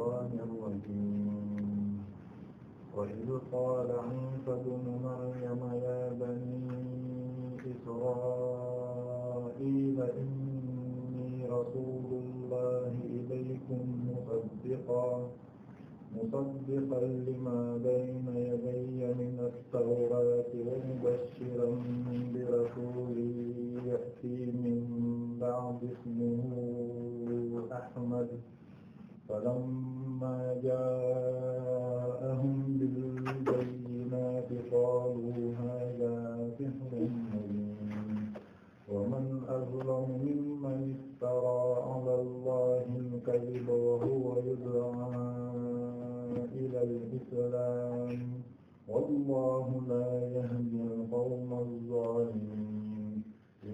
الشيطان الرجيم وإذ قال عيسى ابن مريم يا بني إسرائيل إني رسول الله إليكم مصدقا مصدقا لما بين يدي من التوراة ومبشرا برسول يأتي من بعد اسمه أحمد فلما جاءهم بالبينات قالوا هذا سحر مبين ومن أظلم ممن افترى على الله الكذب وهو يدعى إلى الإسلام والله لا يهدي القوم الظالمين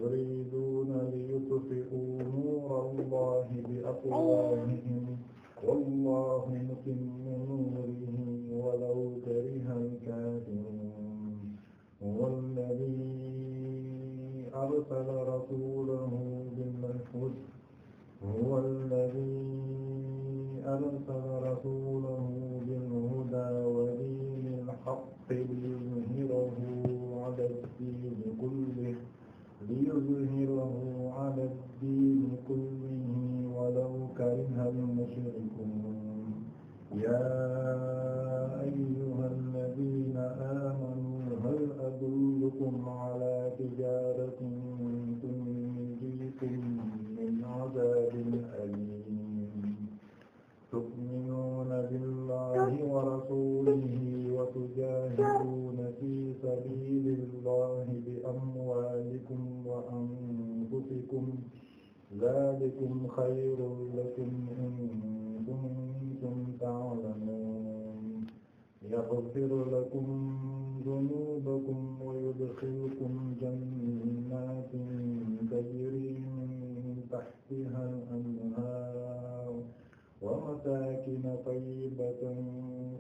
يريدون ليطفئوا نور الله بأفواههم wallaahu mutimmu nuurihi walaw karihal kaafiruun wallazii arsala rasuulahu bil hudaa wallazii arsala rasuulahu يا أيها الذين آمنوا هل أدلكم على تجارة تنجيكم من عذاب أليم تؤمنون بالله ورسوله وتجاهدون في سبيل الله بأموالكم وأنفسكم ذلكم خير لكم إن تعلمون يغفر لكم ذنوبكم ويدخلكم جنات تجري من تحتها الأنهار ومساكن طيبة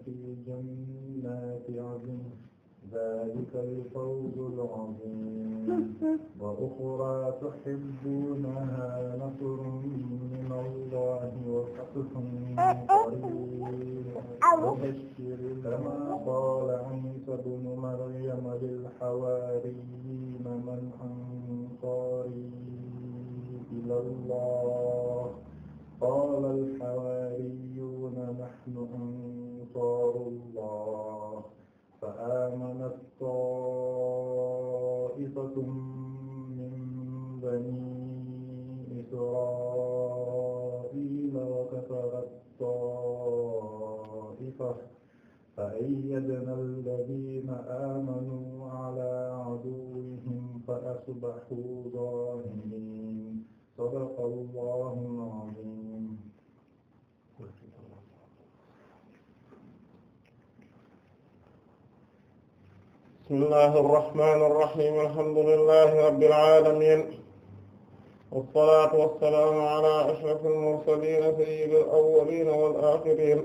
في جنات عدن ذلك الفوز العظيم وأخرى تحبونها نصر من الله وفتح قريب وبشر كما قال عيسى بن مريم للحواريين من أنصاري إلى الله قال الحواريون يذبحوا ظاهرين صدق الله العظيم بسم الله الرحمن الرحيم الحمد لله رب العالمين والصلاة والسلام على أشرف المرسلين سيد الأولين والآخرين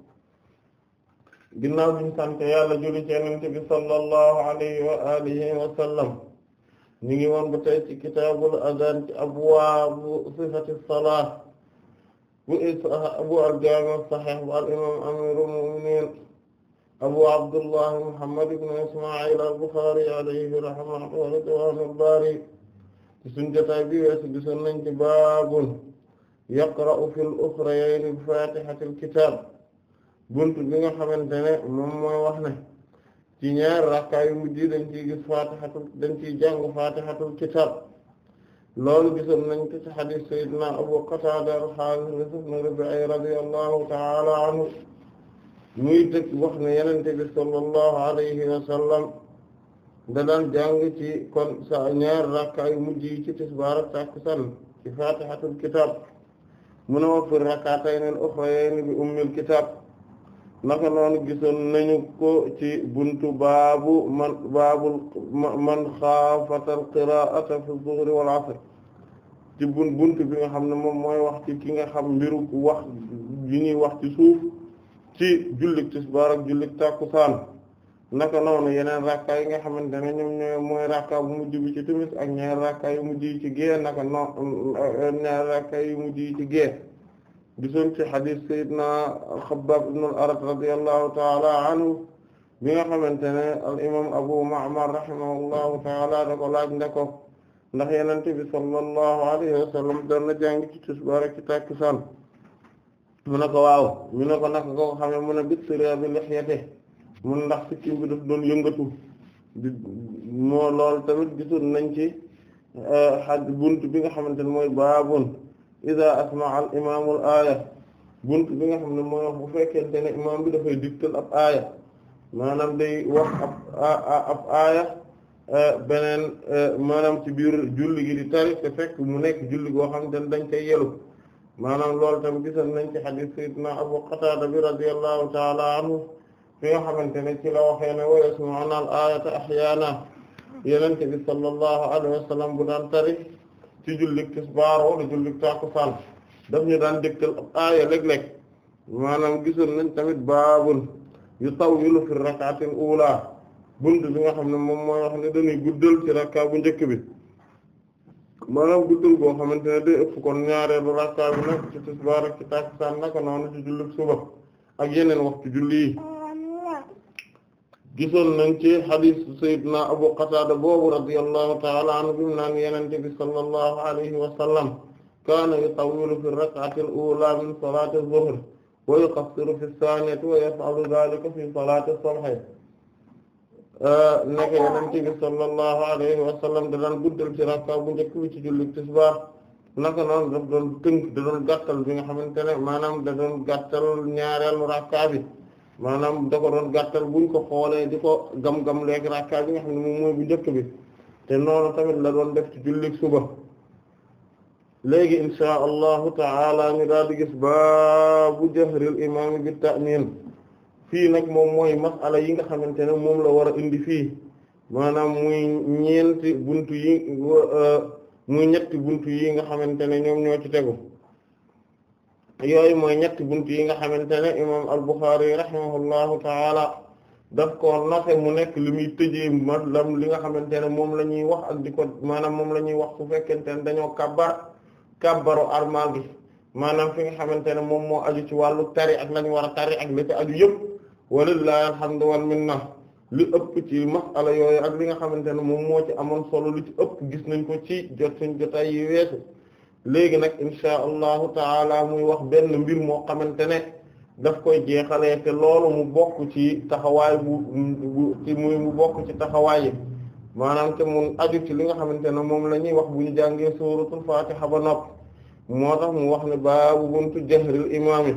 ginnaaw biñ sante yàlla julli ci yonent bi sallallahu alayhi wa alihi wa sallam ñu ngi woon ba tey ci kitaabul adaan ci abwaabu sifati salaat bu bu al-jaami' as-sahiih bu al-imaam amiirul mu'miniin abu abdullah muhammad ibn isma'il al-Bukhari alayhi rahmatu wa ridwaanul baari ci sunu jotaay bi weesu gisoon nañ ci baabun yaqra'u fil ukhrayayni bi faatihatil kitaab bunt bi nga xamante ne moom mooy wax ne ci ñaar rakkaa yu mujj dañ ciy gis dañ ciy jàng faatihatul kitaab loolu gisoon nañ ko ci xadiis sayyidina abu qataada al-haaris ibn rabi'i radiyallahu ta'ala anhu muy dëkk wax ne yenente bi sallallahu alayhi wa da daan jàng ci kon sa ñaar rakkaa yu mujj yi ci tisbaar ak takkusaan ci faatihatul kitaab mu ne wa fi rak'atayni al-uxrayni bi ummil kitaab naka noonu gisoon nañu ko ci buntu baabu man baabul man xaafatal qiraa'ata fi zuhri wal asr ci buntu bi nga xam ne moom mooy wax ci ki nga xam mbiru wax yi ñuy wax ci suuf ci jullik tisbaar ak jullik tàkkusaan naka noonu yeneen rakka yi nga xamante ne ñoom ñooy mooy rakka bu mujj bi ci timis ak ñaari rakka yu mujj ci gée naka yu mujj ci gée gisoon ci xadis sayyidina Xabbaab ibn al-Arat radiyallahu anhu bi nga xamante ne al imam Abu Ma'mar rahimahullahu ta'ala da ko laaj ne ko ndax Yonent bi sallallahu alayhi wa sallam doon na jàng ci tisbaar ak ci mu ne ko waaw mu ne ko naka nga ko xamee mu ne bittira bi lihyati ndax sikkim bi daf doon yëngatu moo loolu tamit gisoon nañ eh, bunt bi nga xamante ne mooy baabun idaa asmaa al imaamul aaya bunt bi nga xam ne mooy wax bu fekkente ne imaam bi dafay digtal ab aaya maanaam day wax ab ab aaya e, beneen e, maanaam ci biir julli gi di tari te fekk mu nekk julli goo xam te ne dañ cay yelu maanaam loolu tam gisan nañ ci xadis sayyidina Abu Qataada bi radiyallahu taala anhu fi nga xamante ne ci la waxee ne wa yasma'una al aayata ahyaana yenente bi sallallahu alayhi wa sallam bu daan tari ci jullik tisbaar wala jullik tàkkusaan daf ñu daan dégtal ab aaya léeg maanaam gisoon nañ tamit baabun yu tawwilu fi rak'atil ula bunt bi nga xam ne moom mooy wax ne dañuy guddal ci rakka bu njëkk bi maanaam guddal goo xamante ne day ëpp kon ñaareelu rakka bi nag ci tisbaar ak ci tàkkusaan naka noonu ci jullik suba ak yeneen waxtu julli gisoon nañ ci hadis sayyidina Abu Qatada boobu radiyallahu ta'ala anhu bi mu naan Yonent bi sallallahu alayhi wa sallam kaana yutawwilu fi rak'ati al-ula min salati adh-dhuhr wa yuqassiru fi ath-thaniyati wa yaf'alu dhalika fi salati as-subh nekk Yonent bi sallallahu alayhi wa sallam da daan guddal ci rakka bu njëkk bi ci julli tisbaar naka noonu daf doon tënk da doon gàttal bi nga xamante ne maanaam da doon gàttal ñaareelu rakka bi maanaam da ko doon gàttal buñ ko xoolee di ko gam-gam léegi rakka bi nga xam ne moom bu njëkk bi te noonu tamit la doon def ci jullig suba léegi insha allahu taala ñu daal di gis baabu jahril imaami bi ta'min fii nag moom mooy masala yi nga xamante ne moom la war a indi fii maanaam muy ñeenti buntu yi euh, muy ñetti buntu yi nga xamante ne ñoom ñoo tegu yooyu mooy ñetti bunt yi nga xamante ne imam al-Bukhari rahimahullahu taala daf ko noxe mu nekk li muy tëjee maanaam li nga xamante ne moom la ñuy wax ak di ko maanaam moom la ñuy wax su fekkente ne dañoo kabbar kabbaru armal gi maanaam fi nga xamante ne moom moo aju ci wàllu tari ak lañu war a tari ak li ci aju yëpp walillahi alhamdu wal minna li ëpp ci yooyu ak li nga xamante ne moom moo ci amoon solo li ci ëpp gis nañ ko ci jot suñ jotaay yi weesu léegi nag insha allahu taala muy wax benn mbir moo xamante ne daf koy jeexalee te loolu mu bokk ci taxawaay bu ci mu bokk ci taxawaay yi maanaam te mun aju ci li nga xamante ne moom la ñuy wax bu ñu jàngee suratul fatiha ba nopp moo tax mu wax ne baabu buntu jahril imaam yi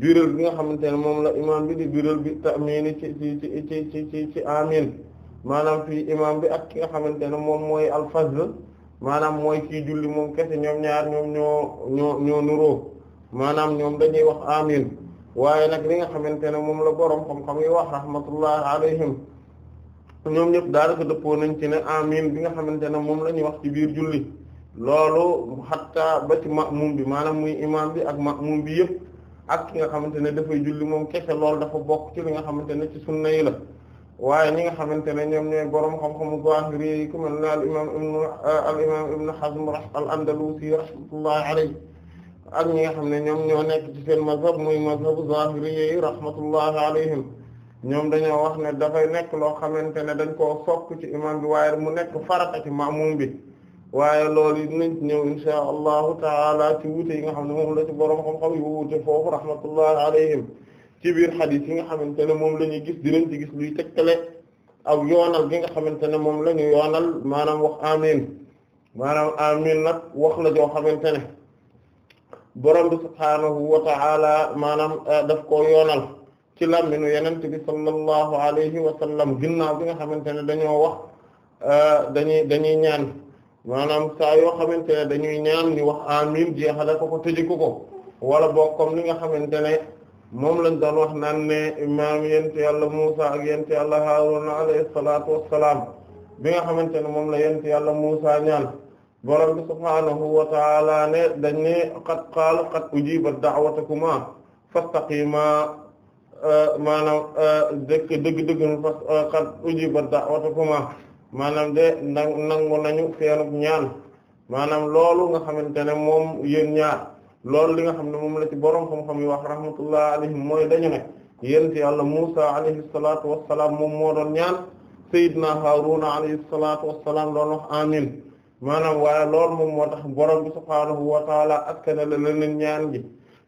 biral bi nga xamante ne moom la imaam bi di biral bi tamini ci ci ci ci ci ci amin maanaam fii imaam bi ak ki nga xamante ne moom mooy alfazl maanaam mooy kii julli moom kese ñoom ñaar ñoom ñoo ñoo ñoo nuroo maanaam ñoom dañuy wax amin waaye nag li nga xamante ne moom la boroom xam-xam yi wax rahmatullah alayhim ñoom ñëpp daanaka dëppoo nañ ci ne amin bi nga xamante ne moom la ñuy wax ci biir julli loolu xatta ba ci ma'mum bi maanaam muy imam bi ak ma'mum bi yëpp ak ki nga xamante ne dafay julli moom kese loolu dafa bokk ci li nga xamante ne ci sunna yi la waaye ñi nga xamante ne ñoom ñooy borom xam-xamu zahiri yi ku mel ne al imam ibnu al imam ibnu Hazm rahmatullahi alayhi ñi nga xam ne ñoom ñoo nekk ci seen mazhab muy mazhabu zahiri yi rahmatullahi alayhim ñoom dañoo wax ne dafay nekk loo xamante ne dañ ko sopp ci imam bi waaye mu nekk farata ci maamum bi waaye loolu yi dinañ ci ñëw inshaa allahu taala ci wuute yi nga xam ne moom la ci borom xam-xam yu wuute foofu rahmatullahi alayhim ci biir xadis yi nga xamante ne moom la ñuy gis dinañ ci gis luy tegtale ak yoonal gi nga xamante ne moom la ñu yoonal maanaam wax amin maanaam amin nag wax la joo xamante ne borom bi subhaanahu wa maanaam eh, daf ko yoonal ci làmminu yenent bi sallallahu alayhi wa sallam ginnaaw bi nga xamante ne dañoo wax eh, dañuy dañuy ñaan maanaam saa yoo xamante ne dañuy ñaan ni wax amin jeexale ko ko tëjiko ko wala bokk comme li nga xamante ne moom lañ doon wax naan ne imaam yent yàlla Muusa ak yent yàlla Haaruna alayhi salaatu wassalaam bi nga xamante ne moom la yent yàlla Muusa ñaan borom bi subhaanahu wa taala ne dañ ne qad qaala qad ujibat da'watukuma fastaqima maanaam dëgg dëgg dëgg qad ujibat da'watukuma maanaam de nangu nañu yanu ñaan maanaam loolu nga xamante ne moom yéen ñaar loolu li nga xam ne moom la ci boroom xam-xam yi wax rahmatullah alayhim mooy dañu ne yent yàlla Musa alayhi salaatu wassalaam moom moo doon ñaan Seydina Haaruna alayhi salaatu wassalaam doon wax amin maanaam waaye lool moom moo tax boroom bi subhaanahu wa taala askane la leneen ñaan gi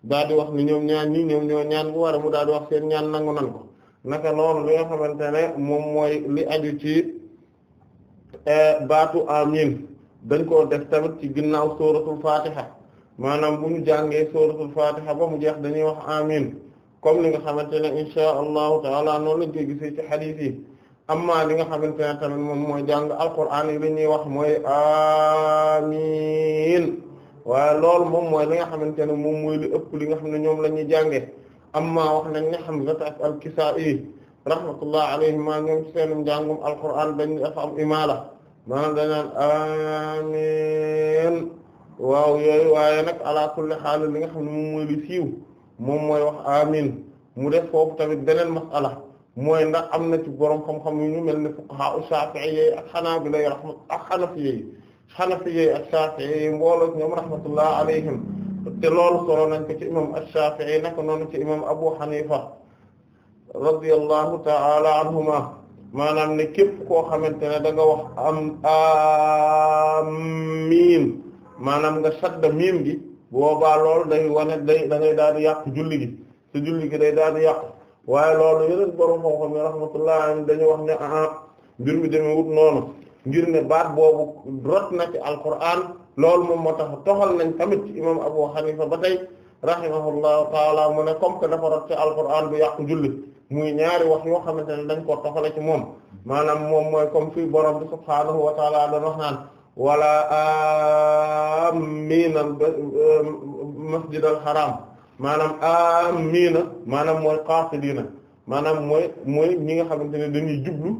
daal di wax nu ñoom ñaan ñi ñoom ñoo ñaan bu war mu daal wax seen ñaan nangu nan ko naka loolu li nga xamante ne moom mooy li aju ci eh, baatu amin dañ koo def tamit ci ginnaaw suratul maanaam bu ñu jàngee suratul fatiha ba mu jeex dañuy wax amin comme li nga xamante ne insha allahu taala noonu lañ koy gisee ci xadiis yi li nga xamante ne tamit moom mooy jàng alquran yi li ñuy wax mooy amin wa loolu moom mooy li nga xamante ne moom mooy li ëpp li nga xam ne ñoom la ñuy jànge amma wax nañ xam Hamza ak al-Kisaa'i rahmatullah alayhima ñoom ci seenum jàngum alquran dañ dafa am imaala maanaam dañ waaw yooyu waaye nag ala kulli xaal li nga xam ne moom mooy li siiw moom mooy wax amin mu def foofu tamit beneen masala mooy ndax am na ci borom xam-xam yu ñu mel ne fuqaha Shafi'i yi ak Hanabila yi rahma ak Hanafi yi Hanafi yi ak Shafi'i yi mbooloo ñoom rahmatullah alayhim te loolu solo nañ ko ci imam Shafi'i naka noonu ci imam Abu Hanifa radiyallahu ta'ala anhuma maanaam ne képp koo xamante ne da nga wax am amiin maanaam nga sadda miim gi boobaa loolu day wane day da ngay daal di yàq julli gi te julli gi day daal di yàqu waaye loolu yeneen borom xam-xam yi rahmatullah am dañu wax ne ah mbir mi demee wut noonu ngir ne baat boobu rot na ci alquran loolu moom moo tax toxal nañ tamit ci imam Abu Hanifa ba tey rahimahullahu taala mu ne comme que dafa rot ci alquran bu yàqu julli muy ñaari wax yoo xamante ne dañ ko toxale ci moom maanaam moom mooy comme fi borom bi subhaanahu wa taala doon wax naan wala amina um, masjid al haram maanaam amina maanaam mooy qasidina maanaam mooy mooy ñi nga xamante ne dañuy jublu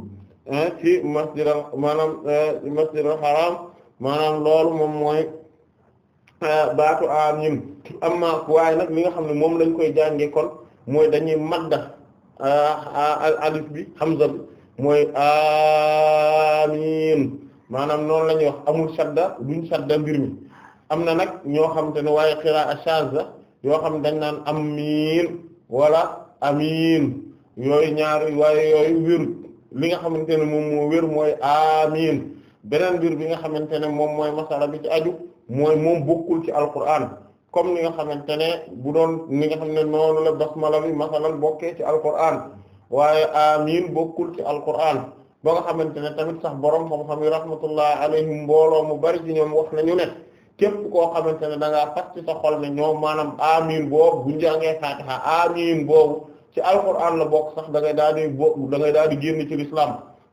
ci masjid al maanaam eh, masjid al haram maanaam moom mooy eh, baatu amin amma waaye nag li nga xam ne moom lañ koy jàngee mooy dañuy madda eh, alif bi xam bi mooy amin maanaam noonu la ñuy wax amul shadda duñ shadda mbir mi am na nag ñoo xam te ne waaye xiraa shaza yoo xam dañ naan amiin wala amiin yooyu ñaar waaye yooyu wér li nga xamante ne moom moo wér mooy amiin beneen mbir bi nga xamante ne moom mooy masala bi ci aju mooy moom bokkul ci alquran comme ni nga xamante ne bu doon ni nga xam ne noonu la basmala bi masalan bokkee ci alquran waaye amiin bokkul ci alquran ba nga xamante ne tamit sax borom xam-xam yi rahmatullah alayhim mbooloo mu bari ci ñoom wax nañu ne képp koo xamante ne da ngaa fas ci sa xol ne ñoom maanaam am boobu bu njàngee Fatiha amiin boobu ci alquran la bokk sax da ngay da ngay daal di génn ci l'islam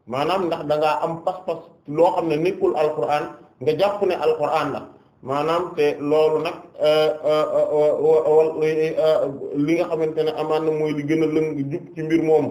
maanaam ndax da am pas-pas loo xam ne nekkul alquran nga jàpp ne alquran la maanaam te loolu nag euh, euh, euh, li nga xamante ne amaan na mooy li gën a lëng jub ci mbir moomu.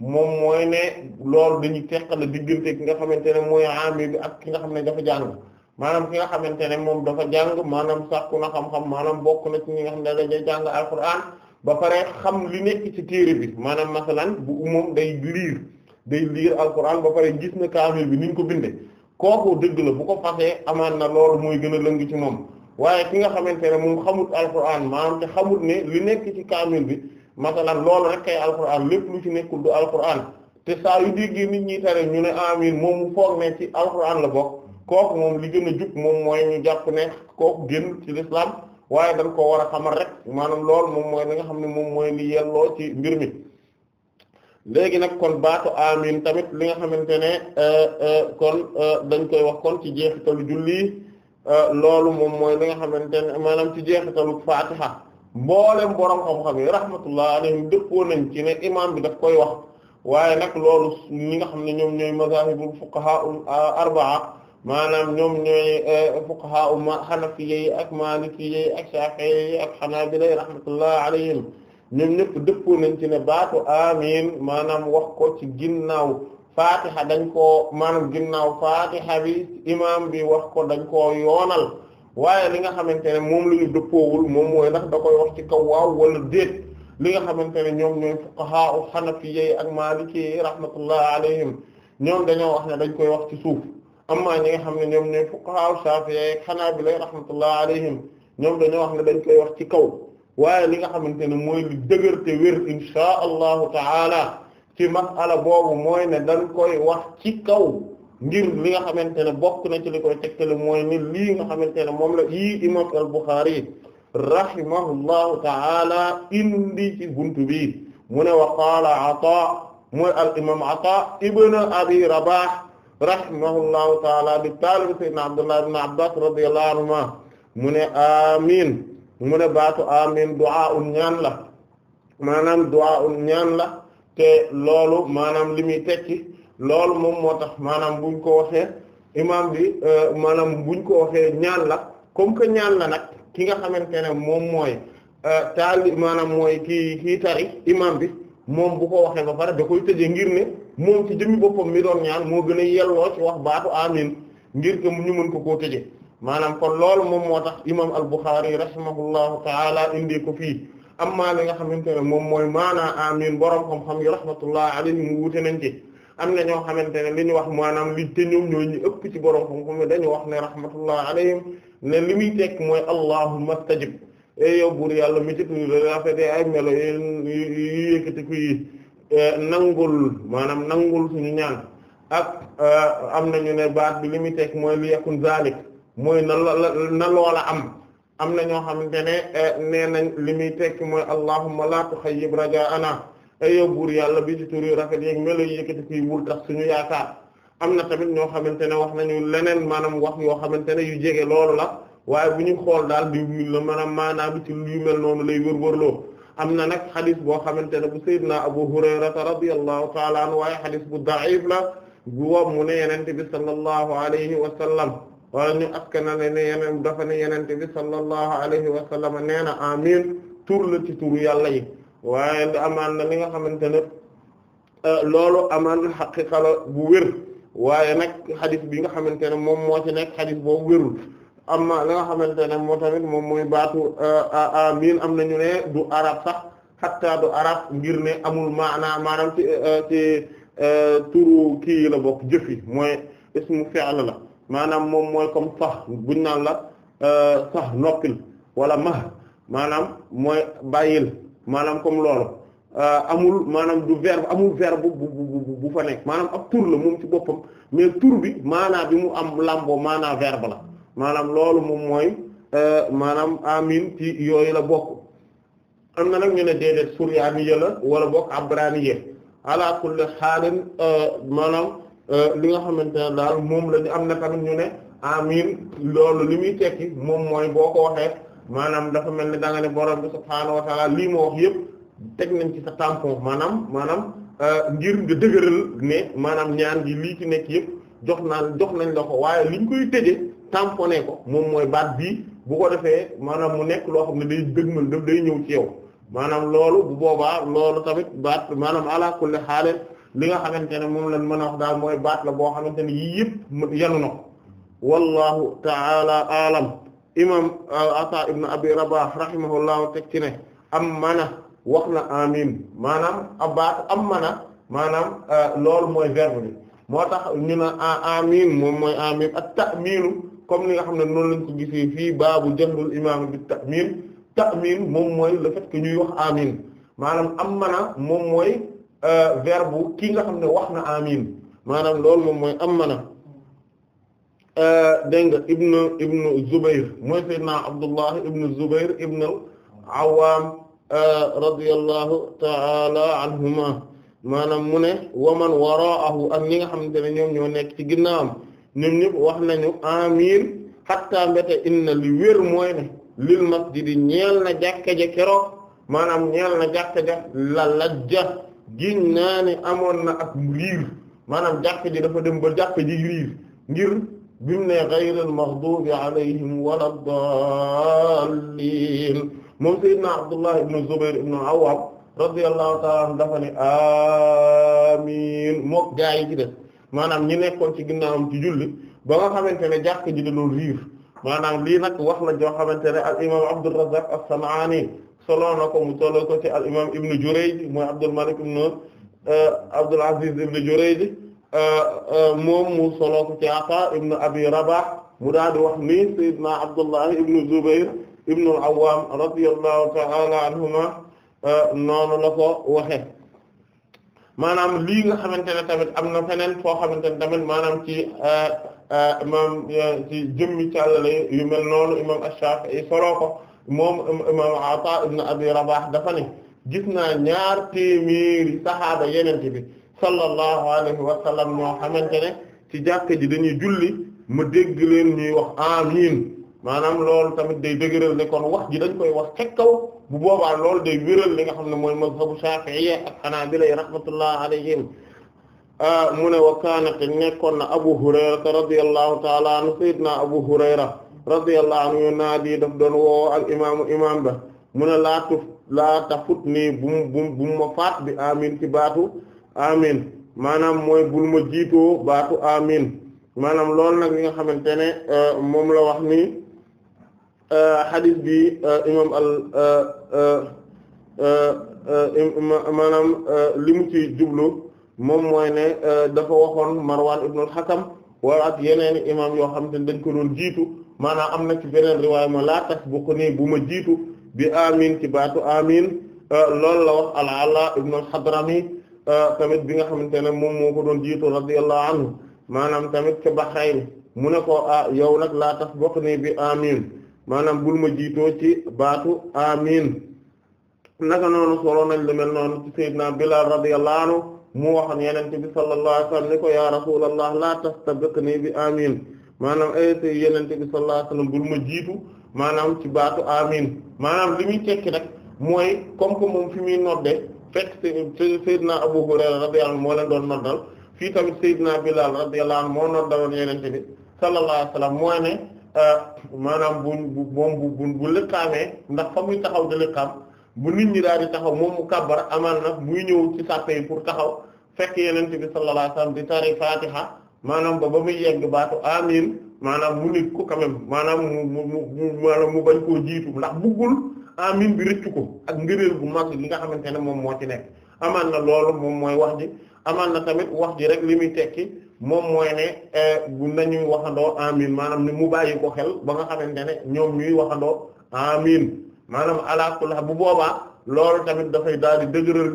moom mooy ne loolu dañuy teqale diggante ki nga xamante ne mooy aami bi ak ki nga xam ne dafa jàng maanaam ki nga xamante ne moom dafa jàng maanaam sàkku na xam-xam maanaam bokk na ci ñi nga xam ne dañuy jàng alquran ba pare xam li nekk ci téere bi maanaam masalan bu moom day liir day liir alquran ba pare gis na kaamil bi ni ko binde kooku dëgg la bu ko fasee amaan na lool mooy gën a lëng ci moom waaye ki nga xamante ne moom xamut alquran maanaam te xamut ne li nekk ci kaamil bi masalan loolu rek kay alquran lépp lu ci nekkul du alquran te saa yu déggee nit ñi ñu ne amin moom mu foog ne ci alquran la bokk kooku moom li gën a jub moom mooy ñu jàpp ne kooku génn ci l'islam waaye dañ koo war a xamal rek maanaam lool moom mooy li nga xam ne moom mooy li yelloo ci mbir mi léegi nag kon baatu amin tamit li nga xamante ne euh, euh, kon euh, dañ koy wax kon ci jeexitalu julli loolu moom mooy li nga xamante ne maanaam ci jeexitalu fatiha mboolem borom xam-xam yi rahmatullah alayhim dëppoo nañ ci ne imaam bi daf koy wax waaye nag loolu ñi nga xam ne ñoom ñooy mazahibul fuqaha arbaa maanaam ñoom ñooy eh, fuqaha ma xanafiyyi ak maalikiyyi ak shafi'iyyi ak xanaabila rahmatullah alayhim ñoom ñëpp dëppoo nañ ci ne baatu amin maanaam wax ko ci ginnaaw fatiha dañ koo maanaam ginnaaw fatiha bi imam bi wax ko dañ koo yoonal waaye li nga xamante ne moom la ñu dëppoowul moom mooy ndax da koy wax ci kaw waaw wala déet li nga xamante ne ñoom ñooy fuqahaa u xanafiyye ak maalikiyye rahmatullah alayhim ñoom dañoo wax ne dañ koy wax ci suuf amma ñi nga xam ne ñoom ñooy fuqahaa u saafiyye ak xanaabila rahmatullah alayhim ñoom dañoo wax ne dañ koy wax ci kaw waaye li nga xamante ne mooy li dëgër te wér inshaa allahu taala ci masala boobu mooy ne dañ koy wax ci kaw ngir li nga xamante ne bokk na ci li ko tegtale mooy ni lii nga xamante ne moom la yii imam al-Bukhari rahimahullahu ta'ala indi ci buntu bi mu ne wa qaala Ata Ata ibn Abi Rabah rahimahullahu ta'ala bi taalib sayyidina Abdullah ibn Abbas radiyallahu anhuma mu ne amin mu ne baatu amin du'a un ñaan la maanaam du'a te loolu maanaam li muy tekki loolu moom moo tax maanaam buñ ko waxee imaam bi euh, maanaam buñ ko waxee ñaan la comme que ñaan la nag ki nga xamante ne moom mooy euh, taali maanaam mooy kii kii tari imaam bi moom bu ko waxee ba pare da koy tëjee ngir ne moom ci jëmmi boppam mi doon ñaan moo gën a yelloo wax baatu amin ngir que ñu mën ko koo tëjee maanaam kon lool moom moo tax imaam al-Bukhari rahimahullahu taala indi ko fii amma li nga xamante ne moom mooy maanaa amin borom xam-xam yi rahmatullah alayhi mu wuute nañ ci. am na ñoo xamante ne li ñu wax maanaam li te ñoom ñoo ñu ëpp ci borom xam-xam mi dañu wax ne rahmatullah alayhim ne li muy tekk mooy allahumma stajib e eh, yow buur yàlla mi ci tudd rafet ay melo yu yëkkati ku yi eh, nangul maanaam nangul suñu ñaan ak eh, am nañu ne baat bi li muy tekk mooy li yakun zalik mooy na na loola am am na ñoo xamante ne nee nañ li muy tekk mooy allahumma la tuxayyib rajaana yow buur yàlla bi ci tur yu rafet yeeg melo yi yëkkati kuy bul tax suñu yaakaar am na tamit ñoo xamante ne wax nañu leneen maanaam wax yoo xamante ne yu jege loolu la waaye bu ñu xool daal di mil la maanaam maanaa bi ci yu mel noonu lay wër am na nag xadis boo xamante ne bu sayyidina Abu Hurayrata radiyallahu ta'ala anhu waaye xadis bu da'if la bu woob mu ne yenente bi sallallahu alayhi wa sallam wala ñu askanale ne yeneen dafa ne yenente bi sallallahu alayhi wa sallam nee na amin tur la ci yàlla yi waaye du amaan na li nga xamante ne euh, loolu amaan na bu wér waaye nag xadis bi nga xamante ne moom moo ci nekk xadis boobu wérul amma li xamante ne moo tamit moom mooy baatu euh, amin am nañu ne du arab sax xatta du arab ngir ne amul maanaa maanaam ci euh, ci turu kii la bokk jëfi mooy ismu fi'l la maanaam moom mooy comme sax buñ naan la sax noppil wala ma maanaam mooy bàyyil maanaam comme loolu euh, amul maanaam du verbe amul verbe bu bu bu fa nekk maanaam ab tur la moom ci boppam mais tur bi maanaa bi mu am lambo maanaa verbe la maanaam loolu moom mooy euh, maanaam amin ci yooyu la bokk am na nag ñu ne déedéet suryaani ya la wala bokk abraani ya ala kulli xaalin euh, maanaam li nga xamante ne daal moom la ñu am na tamit ñu ne amin loolu li muy tekki moom mooy boo ko waxee maanaam dafa mel ni da nga ne borom bi subhaanahu wa lii moo wax yëpp teg nañ ki sa tampon maanaam maanaam euh, ngir nga dëgëral ne maanaam ñaan gi lii ci nekk yëpp jox naan jox nañ la ko waaye liñ koy tëjee ne ko moom mooy baat bii bu ko defee maanaam mu nekk loo xam ne day dëgmal daf day ñëw ci yow maanaam loolu bu boobaa loolu tamit baat maanaam ala kulli xaal li nga xamante ne moom lañ mën a wax daal mooy baat la boo xamante ne yii yëpp yanu na ko wallahu taala alam imam Ata ibn Abi Rabah rahimahullahu teg ci ne am mana wax na amin maanaam abbaat am mana maanaam euh, loolu mooy verbe bi moo tax ñu ne amin moom mooy amin ak ta'minu comme ni nga xam ne noonu lañ ko gisee fii baabu jahrul imam bi ta'min ta'min moom mooy le ki que yox wax amin maanaam am mana moom mooy euh, verbe ki nga xam ne wax na amin maanaam loolu moom mooy am mana Euh, dégg nga ibnu ibnu Zubair mooy sayyidina Abdullah ibnu Zubair ibnu Awaam euh, radiyallahu ta'ala anhuma maanaam mu ne waman waraahu ak ñi nga xamante ne ñoom ñoo nekk ci ginnaawam ñoom ñëpp wax nañu amiin hatta mbete inna li wér mooy ne lil masjidi ñeel na jàkka ja keroog maanaam ñeel na jàkka ja la lajja giñ naa amoon na ak riir maanaam jàkka ji dafa dem ba jàkka ji riir ngir bi mu ne ghayril maghdubi alayhim wala daalliin moom sayyidina Abdullah ibn Zubair ibn Awwam radiyallahu ta'ala anhu dafa ne amiin mook gaa yi ci def maanaam ñi nekkoon ci ginnaawam ci julli ba nga xamante ne jàkk ji da doon riir maanaam lii nag wax la joo xamante ne al imaam Abdurrazzaq as-San'aani solo na ko mu solo ko ci al imaam Ibn Jurayj mooy Abdul Malik ibn eh, Abdul Aziz ibn Jurayj Euh, euh, moom mu solo ko ci Ata ibn Abi Rabah mu daal wax ni Seydina Abdullah ibn Zubayr ibn al-Awwam radiyallahu ta'ala anhuma euh, noonu la ko waxe maanaam lii nga xamante ne tamit am na feneen foo xamante ne tamit maanaam ci imam ci jëmmi càllale yu mel shafii solo ko moom imam Ata ibn Abi Rabah dafa ne gis naa ñaar téeméeri saxaaba yenente sallallahu alayhi wa sallam ñoo xamante ci jàkka ji dañuy julli mu dégg leen ñuy wax amiin maanaam loolu tamit day dëgëral ne kon wax ji dañ koy wax ca kaw bu boobaa loolu day wéral li nga xam ne mooy mazhabu Shafi'iyya ak Hanabila rahmatullah alayhim ah, mu ne wa kaana te nekkoon na Abu Hurayrata radiyallahu taala anhu sayyidina Abu Hurayra radiyallahu anhu yu naadi daf doon woo imaamu imaam ba mu ne laa tuf laa tafut ma faat bi amiin ci amin maanaam mooy bul ma jiitoo baatu amin maanaam lool nag li nga xamante ne euh, moom la wax ni hadith euh, bi euh, imam al maanaam li mu ci jublu moom mooy ne dafa waxoon Marwan ibn al-Hakam wala ak yeneen imam yoo xam te ne dañ ko doon jiitu maanaam am na ci beneen riwaay ma laa tas bu ko nii bu ma jiitu bi amin ci baatu amin loolu la wax al-Ala ibn tamit bi nga xamante ne moom moo ko doon jiitu radiyallahu anhu maanaam tamit ca Bahrain mu ne ko ah yow nag laa tax bokk ni bi amin maanaam bul ma jiitoo ci baatu amin naka noonu solo nañ lu mel noonu ci sayyidina mu waxoon yeneen bi sallallahu alayhi wa sallam ne bi amin maanaam ay eh, say yeneen bi sallallahu alayhi wa sallam bul ma jiitu maanaam ci baatu maanaam li muy tekki rek mooy comme que moom fi muy nodde fekk Seydina Abu Hurayra radiyallahu anhu moo leen doon noddal fii tamit Seydina Bilal radiyallahu anhu moo noddaloon Yonent bi sallallahu alayhi wa sallam ah, maanaam bu moom bu bu bu ndax fa taxaw di lëkkaam bu nit ñi taxaw moom mu kàbbar amaan nag muy ñëw ci sàppe pour taxaw fekk Yonent bi sallallahu alayhi di tari Fatiha maanaam ba ba muy yegg baatu amiin maanaam mu nit ko quand maanaam mu mu mu maanaam mu bañ koo jiitu ndax buggul. amin bi rëccu ko ak ngëneel bu mag li nga xamante ne moom moo ci nekk amaan na loolu moom mooy wax ji amaan na tamit wax ji rek li muy tekki moom mooy ne eh, bu nañuy waxandoo amin maanaam ni mu bàyyi ko xel ba nga xamante ne ñoom ñuy waxandoo amin maanaam ala kulli bu boobaa loolu tamit dafay daal di dëgëral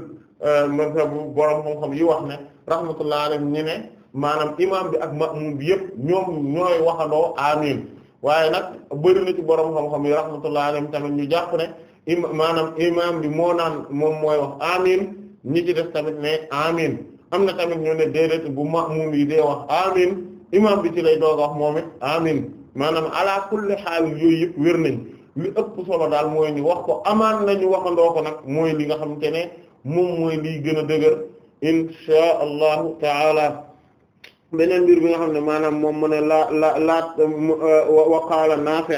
eh, mazhabu borom xam-xam yi wax ne rahmatullahi alayhi ñi ne maanaam imam bi ak ma bi yëpp ñoom ñooy waxandoo amin waaye nag bëri na ci borom xam-xam yi rahmatullahi alayhim tamit ñu jàpp ne ima maanaam imaam bi moo naan moom mooy wax amin ñi ci def tamit ne amin am na tamit ñu ne déedéet bu ma'mum yi dee wax amin imaam bi ci lay doog wax moom it amin maanaam ala kulli xaal yooyu yëpp wér nañ li ëpp solo daal mooy ñu wax ko amaan nañu waxandoo ko nag mooy li nga xamante ne moom mooy liy gën a dëgër insha allahu taala beneen mbir nga xam ne maanaam moom mu laa la laat euh, waqaala Naafi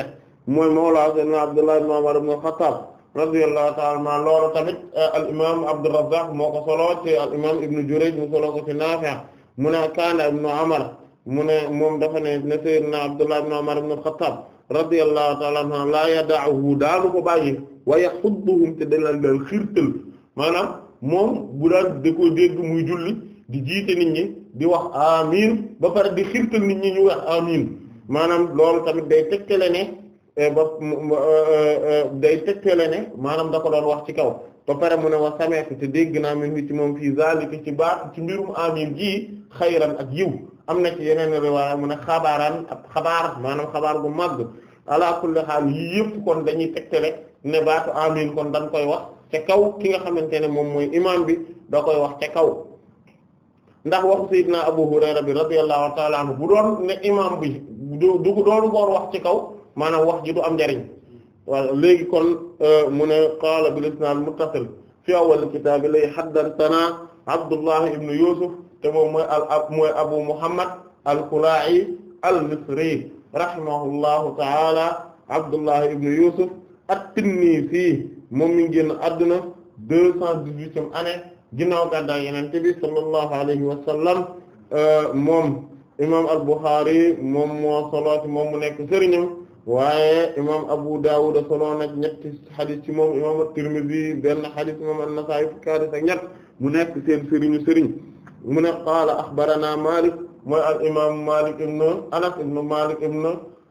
mooy mawla sayyidina Abdullah ibn Umar ibn Khattab radiyallahu ta'ala ma loolu tamit euh, al imam Abdurrazzaq moo ko solo ci al imam Ibn Jurayj mu solo ko ci Naafi mu kaana ibn Umar mu ne moom dafa ne ne sayyidina Abdullah ibn Umar ibn Khattab radiyallahu ta'ala anhu la yada'uhu daanu ko bàyyi wa yahudduhum te dalan leen xirtal maanaam moom bu daan ko dégg muy julli di jiite nit ñi di wax amin ba pare di xirtal nit ñi ñu wax amin maanaam loolu tamit day tegtale ne eh, ba eh, eh, day tegtale ne maanaam da ko doon wax ci kaw ba pare mu ne wa sameetu te dégg naa min ci moom fii zalika ci baat ci mbirum amin ji xayran ak yiw am na ci yeneen riwaaya mu ne xabaaraan ak xabaar maanaam xabaar bu màgg ala kulli xaal yii yëpp kon dañuy tegtale ne baatu amin kon dañ koy wax ca kaw ki nga xamante ne moom mooy imaam bi da koy wax ca kaw ndax waxu sayyidina Abu Hurayra bi radiyallahu ta'ala anhu bu doon ne imam bi du du doon boor wax ci kaw maanaam wax am njariñ waaw léegi kon euh, mu ne qaala bil isnad muttasil fi awwal kitaab lay haddathana Abdullah ibn Yusuf te moom mooy Abu Muhammad al-Khula'i al-Misri rahimahullahu ta'ala Abdullah ibn Yusuf at-Tinnisi moom mi ngi àdduna deux cent dix-huitième année ginnaaw gàddaay Yonent bi sallallahu alayhi wa sallam euh, moom imam al-Bukhari moom moo solo ci moom mu nekk sëriñam waaye imam Abu Dawud solo nag ñetti ci moom imam at-Tirmidhi benn xadis imam an-Nasa'i fukkaadis ak ñett mu nekk seen sëriñu mu ne qaala axbarana Malik mooy al imam Malik ibn Anas ibn Malik ibn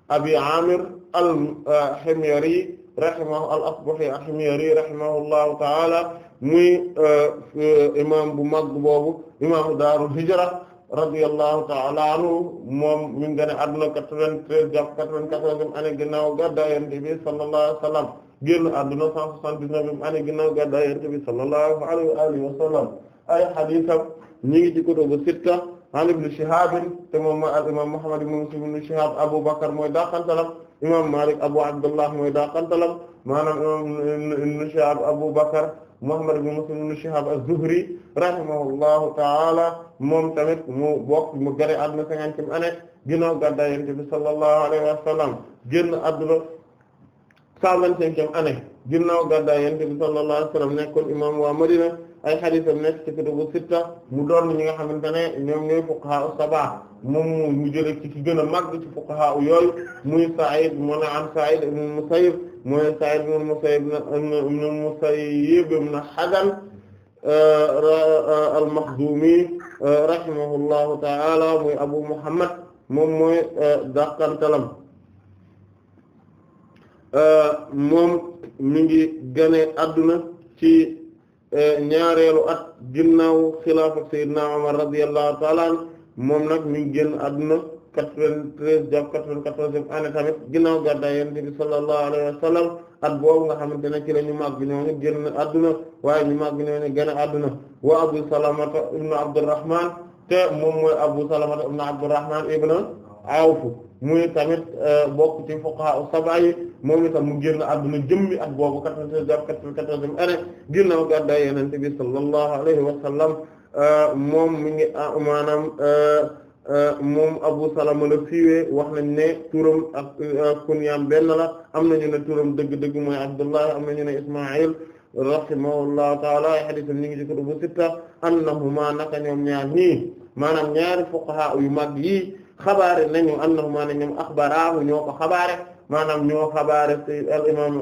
Abi Amir al-Himyari rahimahu al-Asbahi al-Himyari rahimahullahu ta'ala muy euh, euh, imam bu mag boobu imaamu daaru hijra radiyallahu ta'ala anhu moom mi ngi gën a adduna quatre-vingt-treize jàpp quatre-vingt-quatorzième année ginnaaw gàddaay Yonent bi sallallahu alayhi wa sallam génn adduna cent soixante-dix-neuvième année ginnaaw gàddaay Yonent bi sallallahu alayhi wa alihi wa sallam ay hadiisam ñi ngi ci kutubu sitta an Ibn Shihab te moom mooy al imam Muhammad ibn Muslim ibn Shihab Abu Bakr mooy daakantalam imam Malik Abu Abdullah mooy daakantalam maanaam imam Ibn Shihab Abu Bakr Muhammad ibn Muslim ibn Shihab az-Zuhri rahimahullahu ta'ala moom tamit mu bokk mu gare àdduna cinquantième année ginnaaw gàddaay Yonent bi sallallahu alayhi wa sallam génn àdduna cent vingt-cinquième année ginnaaw gàddaay Yonent bi sallallahu alayhi wa sallam nekkoon waa Madina ay xadiisam nekk ci kutubu sitta mu doon ñi nga xamante ne ñoom ñooy fuqaha as-sab'a mu jële ki gën a màgg ci fuqaha muy Sa'id mu ne am Sa'id ibn Musayyib mooy Sa'id ibn Musayyib ibn Musayyib ibn Hadan euh, euh, al-Makhzumi euh, rahimahullahu ta'ala muy Abu Muhammad moom mooy dàqantalam moom mi ngi gane adduna ci ñaareelu at ginnaaw xilaafa Seydina Umar radiyallahu ta'ala moom nag mi ngi génn adduna 93 jàpp 94 année tamit ginnaaw gàddaay Yonent bi sallallahu alayhi wa sallam at boobu nga xamante ne ci la ñu màgg ñooñu génn adduna waaye ñu màgg ñooñu génn adduna wa Abu Salamata ibnu Abdurrahman te moom mooy Abu Salamata ibnu Abdurrahman ibnu Awf muy tamit euh, bokk ci fuqaha sab'a yi moom itam mu génn adduna jëmmi at boobu 93 jàpp 94 année ginnaaw gàddaay Yonent bi sallallahu alayhi wa sallam euh, moom mi ngi euh, maanaam Euh, moom Abu Salama la fiiwee wax nañ ne turam ak euh, kunyaam benn la am nañu ne turam dëgg-dëgg mooy Abdullah am nañu ne Isma'il rahimahullahu taala ay xadiisam ñu ngi ci kutubu sitta annahuma naka ñoom ñaar ñii maanaam ñaari fuqaha yu mag yii xabaare nañu annahuma ne ñoom axbaraahu ñoo ko xabaare maanaam ñoo xabaare si al imam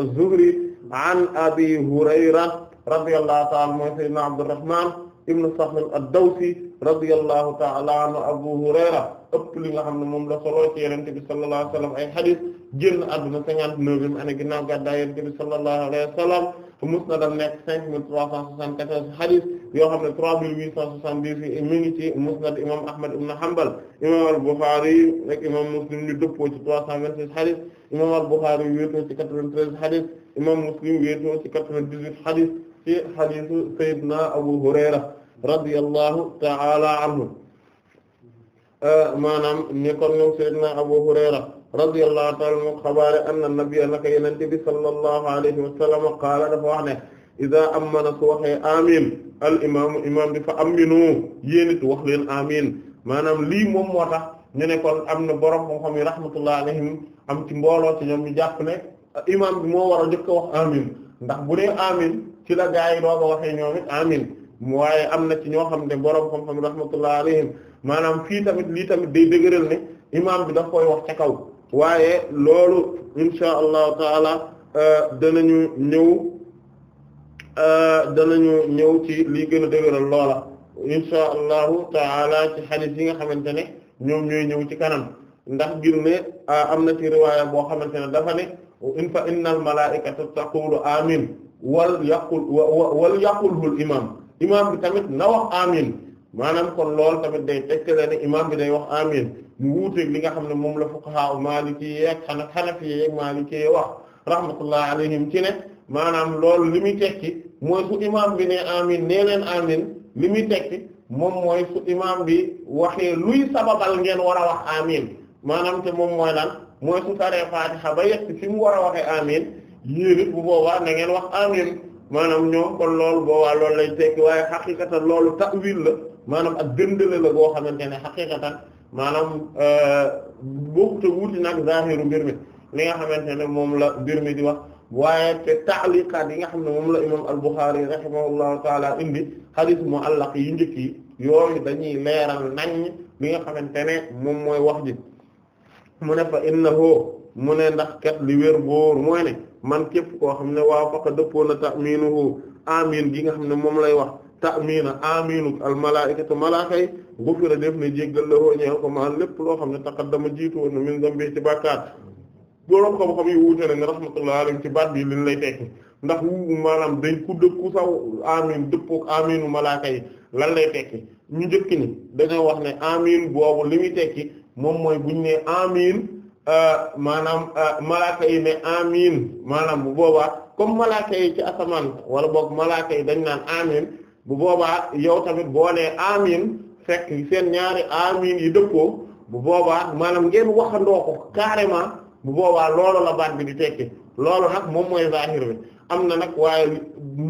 az-Zuhri euh, an Abi Hurayra radiyallahu taala mooy sayyidina Abdurrahman ibnu Sahl ad-Dawsi radiyallahu ta'ala anhu Abu Hurayra ëpp li nga xam ne moom la solo ci Yonent bi sallallahu alayhi wa sallam ay xadis génn àdduna cinquante-neuvième année ginnaaw gàddaay Yonent bi sallallahu alayhi wa sallam musnadam nekk cinq mille trois cent soixante-quatorze xadis yoo xam ne trois mille huit cent soixante-dix mi ngi ci musnad imam Ahmad ibn Hanbal imam al-Bukhari ak imam Muslim ñu dëppoo ci trois cent vingt-six xadis imam al-Bukhari wéetoo ci quatre-vingt-treize xadis imam Muslim wéetoo ci quatre-vingt-dix-huit xadis ci xadiisu Seydina Abu Hurayra radiyallahu ta'ala anhu maanaam ni kon ñoom Seydina Abu Hurayra radiyallahu ta'ala anhu xabaare anna na naka yonent bi sallallahu alayhi wa sallam qaala dafa wax ne iza amana su waxee amin al imaamu imaam bi fa aminu yéen it wax leen amin maanaam lii moom moo tax ne kon am na borom moo xam ne rahmatullah alayhim am ci mbooloo ci ñoom ñu jàpp ne imaam bi moo war a jëkk wax amin ndax bu dee amin ci la gaa yi doog a waxe ñoom it amin waaye am na ci ñoo xam ne borom xam-xam rahmatullah alayhim maanaam fii tamit lii tamit day dëgëral ne imaam bi daf koy wax ca kaw waaye loolu insha allahu taala euh, danañu ñëw euh, danañu ñëw ci lii gën a dëgëral loola insha allahu taala ci xadiis yi nga xamante ne ñoom ñooy ñëw ci kanam ndax ngir ne euh, am na ci riwaaya boo xamante ne dafa ne in fa innal malaa'ikata taqulu amin wal yaqul wal yaqulhul imam imam bi tamit na wax amin maanaam kon loolu tamit day tegtale ne imam bi day wax amin mu wuuteeg li nga xam ne moom la fuqaha maliki yeeg xana xanafi yeeg maliki yi wax rahmatullah alayhim ci ne maanaam loolu li muy tekki mooy su bi ne amin nee leen muy tekki moom mooy su imam bi waxee luy sababal ngeen war a wax amin maanaam te moom mooy lan mooy su taree fatiha ba yegg fi mu war a waxee amin yéen bu boobaa na ngeen wax amin maanaam ñoom kon loolu boobaa loolu lay tekki waaye xaqiqatan loolu ta'wil la maanaam ak dëndale la goo xamante ne xaqiqatan maanaam euh, bokkute wuuti nag zahiru mbir li nga xamante ne moom la mbir mi di wax waaye te ta'liqaat yi nga xam ne moom la imam al-Bukhari rahimahullahu indi hadith mu'allaq yu njëkk yi yooyu dañuy leeral nañ nga xamante ne moom mooy wax ji mu ne fa innahu mu ne ndax kat li boor mooy ne man képp koo xam ne waa faqa dëppoo na ta'minuhu amin gi nga xam ne moom lay wax ta'mina aminu al malaikatu malaaka yi gufira def ne jéggal la woo ñeel ko maan lépp loo xam ne taqaddama jiitu woon na min zambi ci bàkkaar boroom xam-xam yi wuute ne rahmatullahi alayhi ci baat bi liñ lay tekki ndax maanaam dañ ku dëkku saw amin malaaka yi lan lay tekki ñu njëkk ni dañoo wax ne amin boobu li muy tekki moom mooy buñ ne amin Euh, maanaam euh, malaaka yi ne amin maanaam bu boobaa comme malaaka yi ci asamaan wala boog malaaka yi dañ naan amin bu boobaa yow tamit boo nee amin fekk seen ñaari amin yi dëppoo bu boobaa maanaam ngeen waxandoo ko carrément bu boobaa loolu la baat bi di tekki loolu nag moom mooy zahir bi am na nag waaye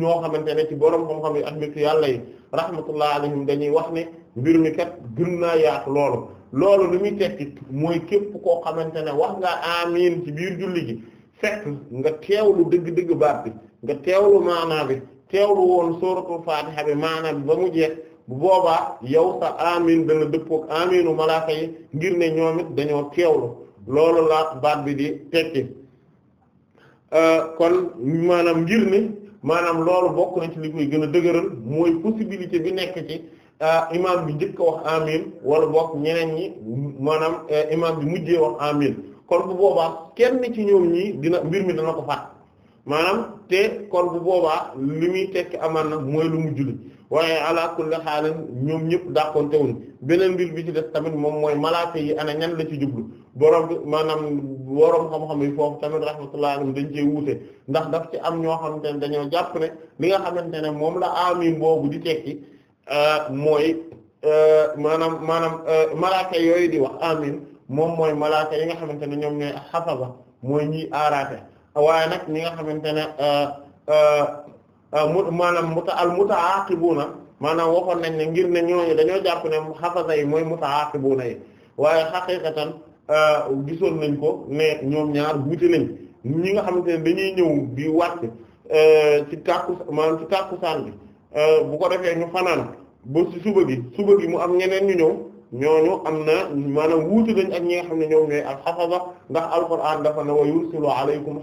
ñoo xamante ne ci borom xam-xam yi ak nitu yàlla yi rahmatullah alayhim dañuy wax ne mbir mi kat gën naa yaatu loolu loolu lu muy tekki mooy képp koo xamante ne wax nga amiin ci biir julli gi fekk nga teewlu dëgg-dëgg baat bi nga teewlu maanaa bi teewlu woon suratul fatiha bi maanaa bi ba mu jeex bu boobaa yow sa amiin dana dëppook amiinu malaaka yi ngir ne ñoom dañoo teewlu loolu la baat bi di tekki euh, kon maanaam ngir ne maanaam loolu bokk na ci li koy gën a dëgëral mooy possibilité bi nekk ci Euh, imaam bi njëkk wax amin wala boog ñeneen ñi maanaam euh, imaam bi mujjee wax amin kon bu boobaa kenn ci ñoom ñii dina mbir mi dana ko faat maanaam te kon bu boobaa li muy tekki amaan na mooy lu mujj li waaye ala kulli xaal ñoom ñëpp dàqonte wuñ beneen mbir bi ci def tamit moom mooy malaaka yi ana ñan la ci jublu borom bi maanaam borom xam-xam yi foofu tamit rahmatullahi alayhim dañ cee wuute ndax daf ci am ñoo xamante ne dañoo jàpp ne li nga xamante ne moom la amin boobu di tekki Euh, mooy euh, maanaam maanaam euh, malaaka yooyu di wax amin moom mooy malaake yi nga xamante ne ñoom ñooy xafaba mooy ñiy aaraate waaye nag ñi nga xamante ne mu maanaam muta al mutaaqibuuna maanaam waxoon nañ ne ngir ne ñooñu dañoo jàpp ne xafasa yi mooy mutaaqibuuna yi waaye xaqiqatan gisoon nañ ko ne ñoom ñaar wuute nañ ñi nga xamante ne dañuy ñëw di wàcc ci tàkku maanaam ci tàkkusaan bi Euh, bu ko defee ñu fanaan ba ci suba gi suba gi mu am ñeneen ñu ñëw ñooñu am na maanaam wuutu lañ ak ñi nga xam ne ñoom ñooy ak ndax alquran dafa ne wa yursilu alaykum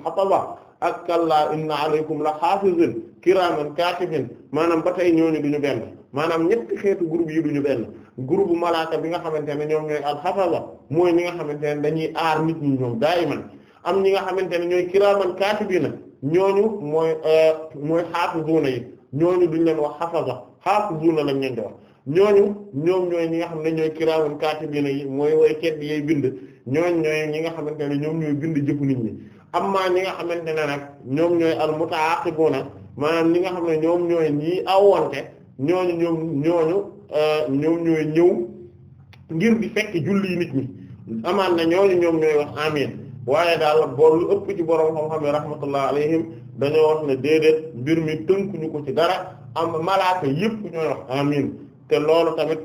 ak kalla inna alaykum la xaafizin kiraaman kaatibin maanaam ba tey ñooñu duñu benn maanaam ñetti xeetu groupe yi duñu benn groupe bi nga xamante ne ñoom ñooy al xafaza mooy ñi nga xamante ne dañuy aar nit ñi ñoom am ñi nga xamante ne ñooy kiraaman kaatibina ñooñu mooy euh, mooy xaafizuuna yi ñooñu duñ leen wax xafaza xaafizuna lañ leen di wax ñooñu ñoom ñooy ñi nga xam ne ñooy kiraamun kaatibiina yi mooy way tedd bind ñooñ ñooy ñi nga xamante ne ñoom ñooy bind jëfu nit ñi amma ñi nga xamante ne nag ñoom ñooy al mutaaqibuuna maanaam ñi nga xam ne ñoom ñooy ñii awwante ñooñu ñoom ñooñu euh, ñoom ñooy ñëw ngir di fekk julli nit amaan na ñooñu ñoom ñooy wax amiin waaye daal boor lu ëpp ci borom xam-xam yi rahmatullah alayhim dañoo wax ne déedéet mbir mi tënkuñu ko ci dara am malaaka yëpp ñooy amin te loolu tamit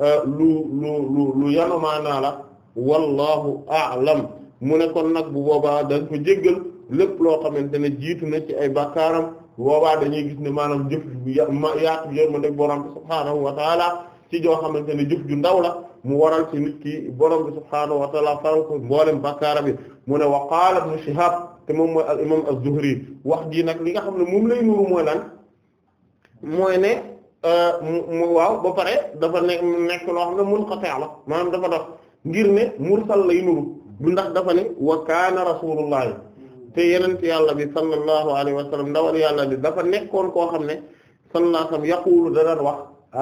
euh, lu lu lu lu yanumaanaa la wallahu a'lam mu ne kon nag bu boobaa dañ ko jéggal lépp loo xamante ne jiitu na ci ay bakkaaram boobaa dañuy gis ne maanaam jëf yaatu yërmande borom bi subhaanahu wa taala ci joo xamante ne jëf ju ndaw la mu waral ci nit ki borom bi subhaanahu wa taala faral mboolem bakkaaram yi mu ne wa qaala ibn Shihab te moom mooy al imam wax ji nag li nga xam ne moom lay nuru mooy ne euh, mu waaw ba pare dafa ne nekk loo xam ne munqati' la maanaam dafa dox ngir ne mursal lay nuru du ndax dafa ne wa kaana rasulullahi te yenent yàlla bi sallallahu alayhi wa sallam ndawal yàlla bi dafa nekkoon koo xam ne sallallahu alayhi wa sallam yaqulu da daan wax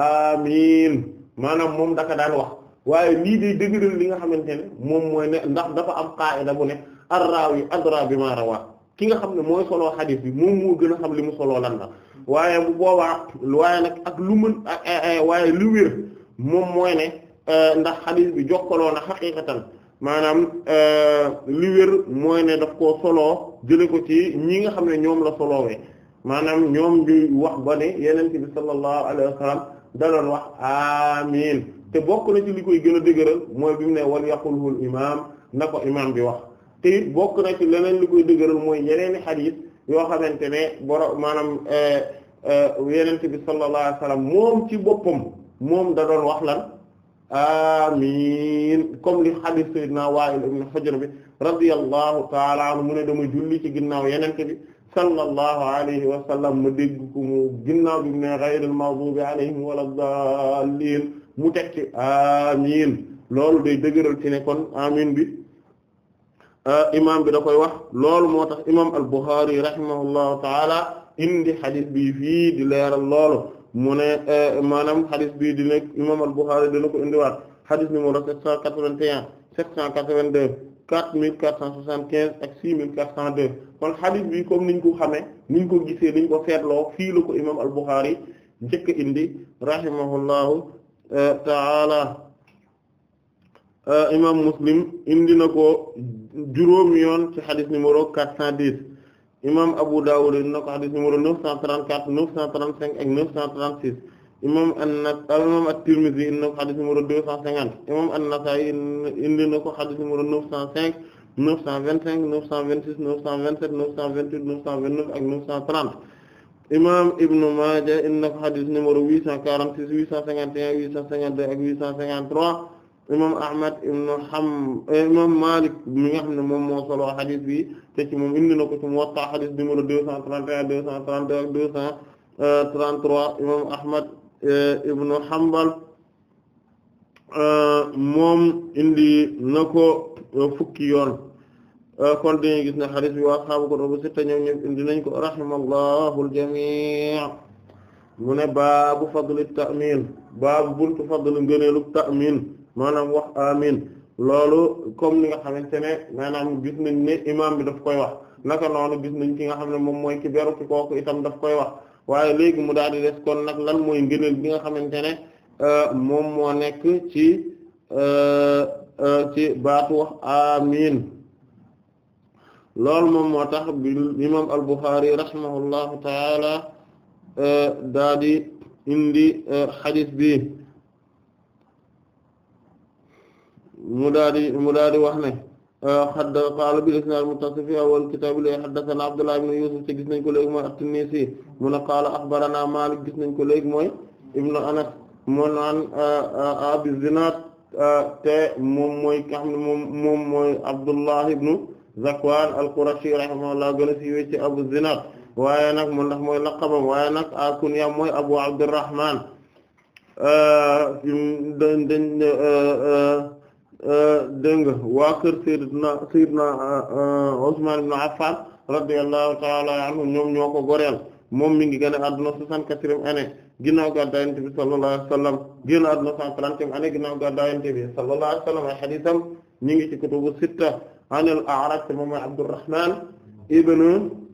amiin maanaam moom daka daan wax waaye lii de dëgëral li nga xamante ne moom mooy ne ndax dafa am qaa'ida bu ne ar-raawi adraa bimaa rawaa ki nga xam ne mooy soloo xadiis bi moom moo gën a xam li mu soloo lan la waaye bu boobaa waaye nag ak lu mën waaye lu wér moom mooy ne eh, ndax xadiis bi jokkaloo na xaqiiqatan maanaam eh, li wér mooy ne daf koo soloo jële ko ci ñi nga xam ne ñoom la soloowee maanaam ñoom ñuy wax ba ne yeneen bi sallallahu alayhi wa sallam wax amiin te bokk na ci li koy gën a dëgëral mooy bi mu ne wal yaqulhul imaam na ko imaam bi wax te bokk na ci leneen li koy dëgëral mooy yeneeni xadiis yoo xamante ne boro maanaam eh, eh, yenente bi sallallahu alayhi wasallam moom ci boppam moom da doon wax lan amin li xadiis sayyidina Wa'il ibn Hujr bi radiyallahu ta'ala mu ne dama julli ci ginnaaw yenente bi sallallahu alayhi wa sallam ma dégg ko mu ginnaaw bi mu ne ghayril maghdubi alayhim wala daalliin mu teg ci amiin loolu day dëgëral tinekon ne kon amiin bi euh, imaam bi da koy wax loolu moo tax imaam al-Bukhari rahimahullahu taala indi xadis bi fii di leeral loolu mu ne euh, maanaam xadis bi di nekk imaam al-Bukhari dina ko indiwaat xadis numéro 781 782 4475 ak 6402 kon xadis bi comme niñ ko xamee niñ ko gisee niñ ko seetloo fii la ko imaam al-Bukhari njëkk indi rahimahullahu ta'ala imam Muslim indi na ko juróomi yoon ci xadis numéro 410 imam Abu Dawud indi na ko xadis numéro 934 935 ak 936 imam an-Nas imam at-Tirmidhi indi na ko xadis numéro 250 imam an-Nasa'i indi na ko xadis numéro 905 925 926 927 928 929 ak 930 imam Ibn Maaja in na ko xadis numéro 846 851 852 ak 853 imam Ahmad ibn Ham eh, imam Malik mi nga xam ne moom moo solo xadis bi te ci moom indi na ko ci Muwatta xadis numéro 231 232 ak 233 euh, imam Ahmad eh, ibn Hanbal euh, moom indi na euh, fukki yoon. Euh, kon dañuy gis na xadis bi waa xaabu ko dobu sitta ñoom ñëpp indi nañ ko rahimallahu aljamii mu ne baabu fadli ta'min baabu buntu fadli ngëneelu ta'min maanaam wax amin loolu comme ni nga xamante ne maanaam gis nañ ne imam bi daf koy wax naka noonu gis nañ ki nga xam ne moom mooy ki kooku itam daf koy wax waaye léegi mu daal di des kon nag lan mooy ngëneel bi nga xamante ne euh, moom moo nekk ci euh, ci baatu wax amin loolu moom moo tax bi imam al-Bukhari rahimahullahu taala e, daa di indi e, xadis bi mu daa di mu daa di wax ne e, xadda qaala bil isnaad muttasil fi awwal kitaab li haddathana Abdullah ibn Yusuf te gis nañ ko léegi mooy at-Tinnisi mu ne qaala axbarana Maalik gis nañ ko léegi mooy ibnu Anas mu naan Abi Zinaad te moom mooy nga moom mooy Abdullah ibnu Zakwaan al-Qurashi rahimahullah gën a waaye nag mu ndax mooy laqabam waaye nag alkunya mooy Abu Abdurrahman dégg nga waa kër Seydina Seydina euh, Usman ibn Affan radiyallahu ta'ala ñoom ñoo ko goreel moom mi ngi gën a adduna soixante-quatrième année ginnaaw gàddaay Yonent bi sallallahu alayhi wa sallam génn ay hadiisam ñu ci kutubu sitta anil A'raj te moom mooy Abdurrahman ibn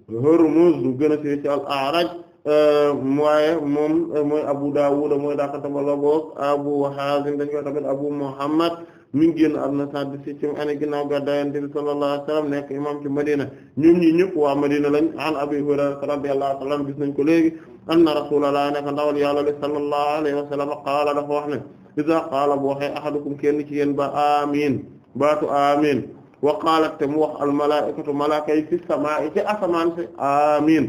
Hurmuz du gën a siiw ci al-A'raj waaye moom mooy Abu Dawud mooy daqatama la boog Abu Hazim dañ koy tamit Abu Muhammad mi ngi génn àdduna cent dix-septième année ginnaaw gàddaay Yonent bi sallallahu alayhi wa sallam nekk imam ci Madina ñoom ñi ñëpp waa Madina lañ an Abi Hurayra radiyallahu ta'ala anhu nañ ko léegi anna Rasulullah nekk ndawal Yàlla li sallallahu alayhi wa sallam qaala dafa wax ne iza qaala bu waxee ahadukum kenn ci yéen ba amin baatu amin wa qaalat te mu wax al malaa'ikatu malaaka yi fi samaa'i ci asamaan si amiin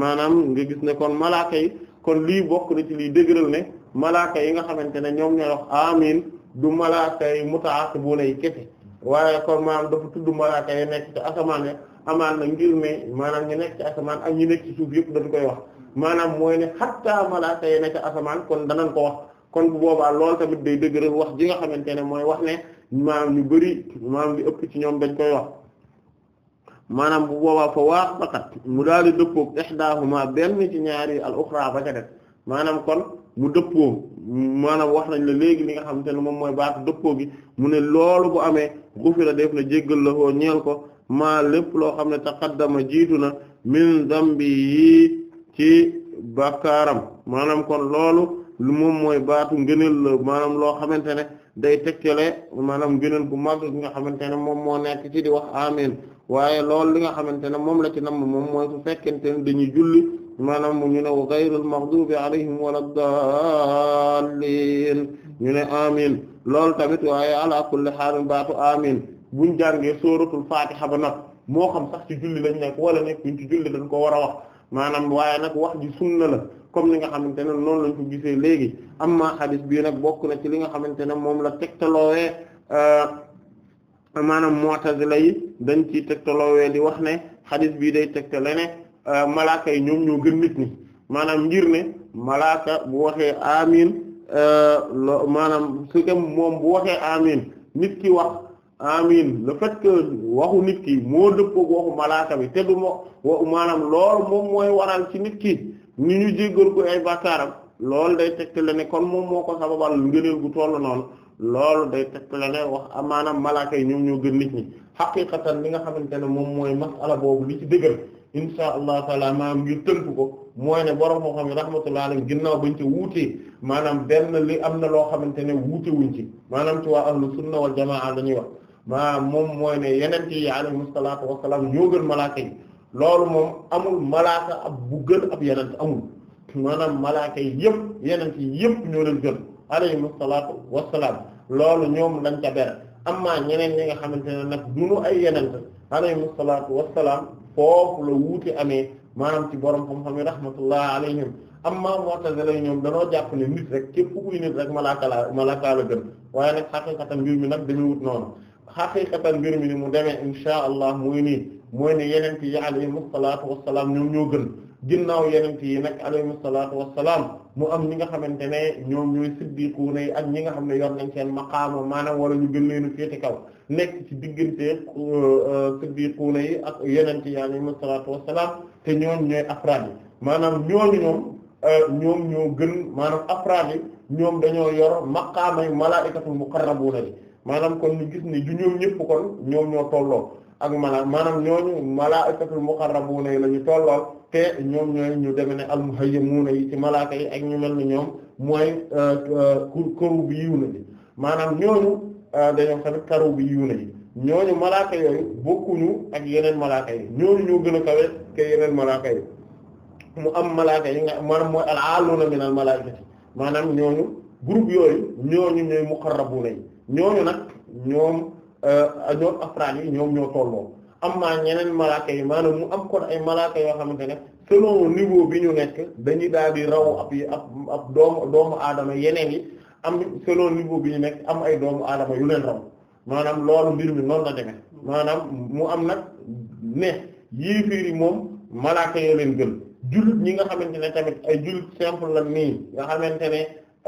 maanaam nga gis ne kon malaaka kon lii bokk na ci lii dëgëral ne malaaka yi nga xamante ne ñoom ñooy wax amiin du malaaka yi muta'aaqibuuna yi kese waaye kon maanaam dafa tudd malaaka yi nekk ci asamaan amaan na ngir ne maanaam ñu nekk ci asamaan ak ñu nekk ci suuf yëpp dañu koy wax maanaam mooy ne xattaa malaaka yi nekk ci asamaan kon danañ ko wax kon bu boobaa loolu tamit day dëgëral wax ji nga xamante ne mooy wax ne maanaam ñu bëri maanaam li ëpp ci ñoom dañ koy wax maanaam bu boobaa fa waax mu daal di dëppoog ihdahuma benn ci ñaari al uxra ba ca def maanaam kon mu dëppoo maanaam wax nañ la léegi li nga xamante ne moom mooy baatu dëppoo gi mu ne loolu bu amee gufira def na jéggal la koo ñeel ko maa lépp loo xam ne taqaddama jiitu na min dambi yi ci bàkkaaram maanaam kon loolu moom mooy baatu ngëneel la maanaam loo xamante ne day tegtale maanaam gënal bu mag gi nga xamante ne moom moo nekk ci di wax amin waaye loolu li nga xamante ne moom la ci nam moom mooy su fekkente ne dañuy julli maanaam ñu ne ghayril maghdubi alayhim wala dallin ñu ne amin loolu tamit waaye ala kulli haal baatu amin buñ jàngee sooratul fatiha ba nag moo xam sax ci julli lañ nekk wala nekk buñ ci julli dañ ko war a wax maanaam waaye nag wax ji sunna la comme ni nga xamante ne noonu lañ ko gisee léegi amma xadis bii nag bokk na ci li nga xamante ne moom la tegtaloowee euh, maanaam mu'tazila yi dañ ci tegtaloowee di wax ne xadis bii day tegtale ne euh, malaaka yi ñoom ñoo gën maanaam ngir ne malaaka bu waxee amin euh, maanaam su kem moom bu waxee amin nit ki wax amin le fait waxu nit ki moo dëppoo waxu malaaka bi te du ma maanaam loolu moom mooy waral ci nit ki ni ñu jéggal ko ay bàkkaaram loolu day tegtale ne kon moom moo ko sababal ngëneel gu toll noonu loolu day tegtale ne wax maanaam malaaka yi ñoom ñoo gën nit ñi xaqiqatan li nga xamante ne moom mooy masala boobu li ci dëggal insha allah taala maanaam ngir tënk ko mooy ne borom yi xam ne rahmatullah alayhi ginnaaw bañ ci wuutee maanaam na li am na loo xamante ne wuute ci maanaam ci waa ahlu sunna wal jamaa la ñuy wax maa moom mooy ne yeneen ci yi alayhimu salaatu wa salaam ñoo gën malaaka yi loolu moom amul malaaka ab bu gën ab yeneen amul maanaam malaaka yi yëpp yeneen yi yëpp ñoo leen gën alayhimu salaatu wassalaam loolu ñoom lañ ca bere amaa ñeneen ñi nga xamante ne nag duñu ay yeneen alayhimu salaatu wassalaam foofu la wuute amee maanaam ci borom xam-xam yi rahmatullah alayhim amma mu'tazila ñoom danoo jàpp ne nit rek képp kuy nit rek malaaka la malaaka la gën waaye nag xaqiiqatan mbir mi nag dañu wut noonu xaqiiqatan mbir mi ni mu demee insha allah muy nii mooy ne yenent yi alayhimu salaatu wassalaam ñoom ñoo gën ginnaaw yenent yi nag salaat wa salaam mu am ñi nga xamante ne ñoom ñooy siddiquuna yi ak ñi nga xam ne yor nañ seen maqaama maanaam wala ñu gën leenu féete kaw nekk ci diggante euh, euh, siddiquuna yi ak yenent yi alayhimu salaatu te ñooñ ñooy afraad yi maanaam ñooñu ñoom euh, ñoom ñoo gën maanaam afraad yi ñoom dañoo yor maqaamay malaa'ikatul muqarrabuuna yi maanaam kon ñu gis ne du ñoom ñëpp kon ñoom ñoo tolloo ak mala maanaam ñooñu malaa'ikatul muqarrabuuna yi la ñu tollool te ñoom ñooy ñu deme ne al-muhayyimuuna yi ci malaaka yi ak ñu mel ni ñoom mooy euh, euh, karubiyuuna bi maanaam ñooñu euh, dañoo xam ne karubiyuuna yi ñooñu malaaka yooyu bokkuñu ak yeneen malaaka yi ñooñu ñoo gën a kawe ke yeneen malaaka yi mu am malaaka yi nga maanaam mooy al-aaluuna minal malaa'ikati maanaam ñooñu groupe yooyu ñooñu ñooy muqarrabuuna yi ñooñu nag ñoom Euh, ñoom afraan yi ñoom ñoo tolloo am maa ñeneen malaaka yi maanaam mu am kon ay malaaka yoo xamante ne selon niveau bi ñu nekk dañuy daal di raw ab doomu doomu aadama yeneen yi am selon niveau bi ñu nekk am ay doomu aadama yu leen raw maanaam loolu mbir mi noonu la demee maanaam mu am nag ne yéeféer yi moom malaaka yoo leen gën jullit ñi nga xamante ne tamit ay jullit simple la nii nga xamante ne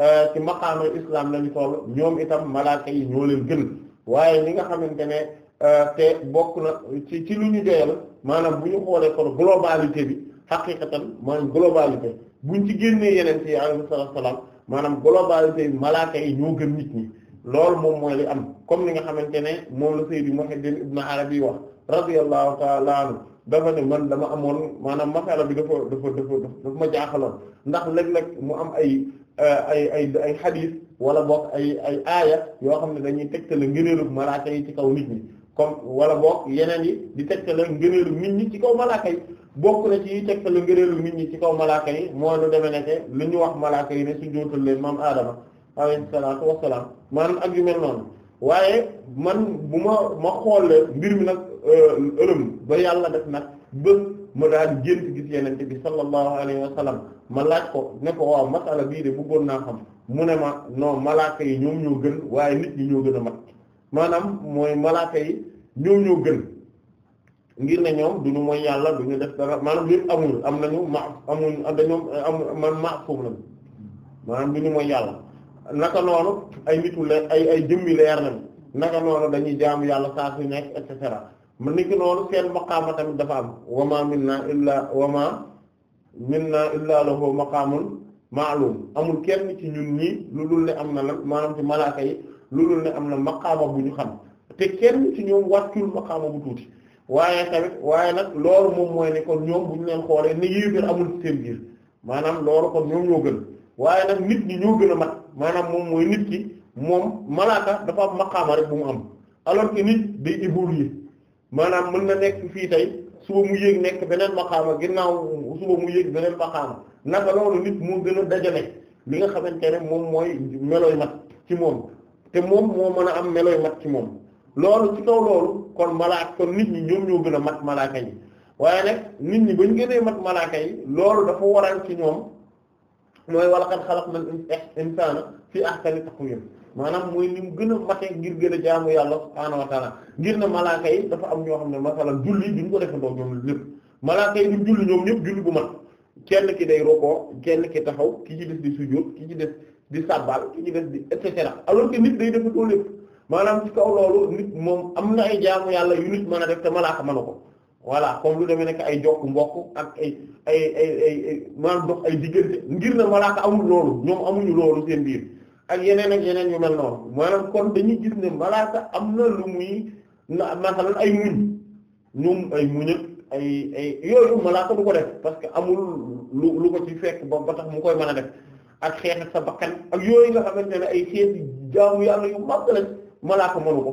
euh, ci maqaama islam lañu toll ñoom itam malaaka yi ñoo leen waaye li nga xamante ne euh, te bokk na ci ci lu ñu doyal maanaam bu ñu xoolee kon globalité bi xaqiqatan maanaam globalité buñ ci génnee yeneen ci alayhi salaam maanaam globalité bi malaaka yi ñoo gën nit ñi loolu moom mooy li am comme ni nga xamante ne moom la mu Muhammad ibn Arabi wax radiyallahu ta'ala anhu dafa ne man dama amoon maanaam masala bi dafa dafa dafa dafa ma jaaxaloon ndax léeg-léeg mu am ay euh, ay ay ay xadiis wala boog ay ay aaya yoo xam ne dañuy tegtale ngëneelu malaaka yi ci kaw nit ñi comme wala boog yeneen yi di tegtale ngëneelu nit ñi ci kaw malaaka yi bokk na ci yi tegtale ngëneelu nit ñi ci kaw malaaka yi moo lu demee nekke lu ñu wax malaaka yi ne su jootal leen maam aadama alayhi salaatu wassalaam maanaam ak yu mel noonu waaye man bu ma ma xool mbir mi nag euh, ëlëm ba yàlla def nag bës ma daal di gént gis yenente bi sallallahu alayhi wa ma laaj ko ne ko waaw masala bii de buggoon naa xam mu ne ma non malaaka yi ñoom ñoo gën waaye nit ñi ñoo gën a mat maanaam mooy malaaka yi ñoom ñoo gën ngir ne ñoom duñu mooy yàlla duñu def dara maanaam lépp amul am nañu ma amuñ dañoom am man maasum lañ mooy yàlla naka noonu ay nitu leer ay ay jëmmi leer lañ naka noonu dañuy jaamu yàlla saa su nekk et man ni ki noonu seen maqaama tamit dafa am wama minna illaa wama minna illaa lahu maqaamun ma'lum amul kenn ci ñun ñii ne am na lan maanaam ci malaaka lu dul ne am na maqaama bu ñu xam te kenn ci ñoom wàccul maqaama bu tuuti waaye tamit nag loolu moom mooy ne kon ñoom bu ñu xoolee ni yéefér amul maanaam loolu ñoo gën waaye nag nit ñi ñoo gën a mat maanaam moom mooy nit ki moom malaaka dafa am maqaama rek bu mu am alors que nit day évoluer maanaam mën na nekk fii tey suba mu yéeg nekk beneen maqaama ginnaaw suba mu yéeg beneen maqaama naka loolu nit moo gën a dajale li nga xamante ne moom mooy melooy mat ci moom te moom moo mën a am melooy mat ci moom loolu ci kaw loolu kon malaak kon nit ñi ñoom ñoo gën a mat malaaka yi waaye nag nit ñi bañ gënee mat malaaka yi loolu dafa waral ci ñoom mooy walaqad xalaqnal insaana fi ahsani taqwiim maanaam mooy ni mu gën a mate ngir gën a jaamu yàlla subhaanahu wa taala ngir ne malaaka yi dafa am ñoo xam ne masalan julli duñ ko defe ñoom lépp malaaka yi duñ julli ñoom ñëpp julli bu mat kenn ki day rokoo kenn ki taxaw ki ci def di sujjóot ki ci di sabbal ki ci def di et alors que nit day defandoo lépp maanaam ci kaw moom am na ay jaamu yàlla yu nit mën a def te malaaka mënu ko voilà comme lu demee nekk ay jokk mbokk ak ay ay ay ay maanaam ay diggante ngir ne malaaka amul loolu ñoom amuñu loolu seen biir ak yeneen ak yeneen yu mel noonu maanaam kon dañuy gis ne malaaka am na lu muy na masalan ay muñ ñoom ay muñ ak ay ay yooyu malaaka du ko def parce que amul lu lu ko ci fekk ba tax mu koy mën def ak xeex ak sa bakkan ak yooyu nga xamante ne ay xeeti jaamu yàlla yu mag lañ malaaka mënu ko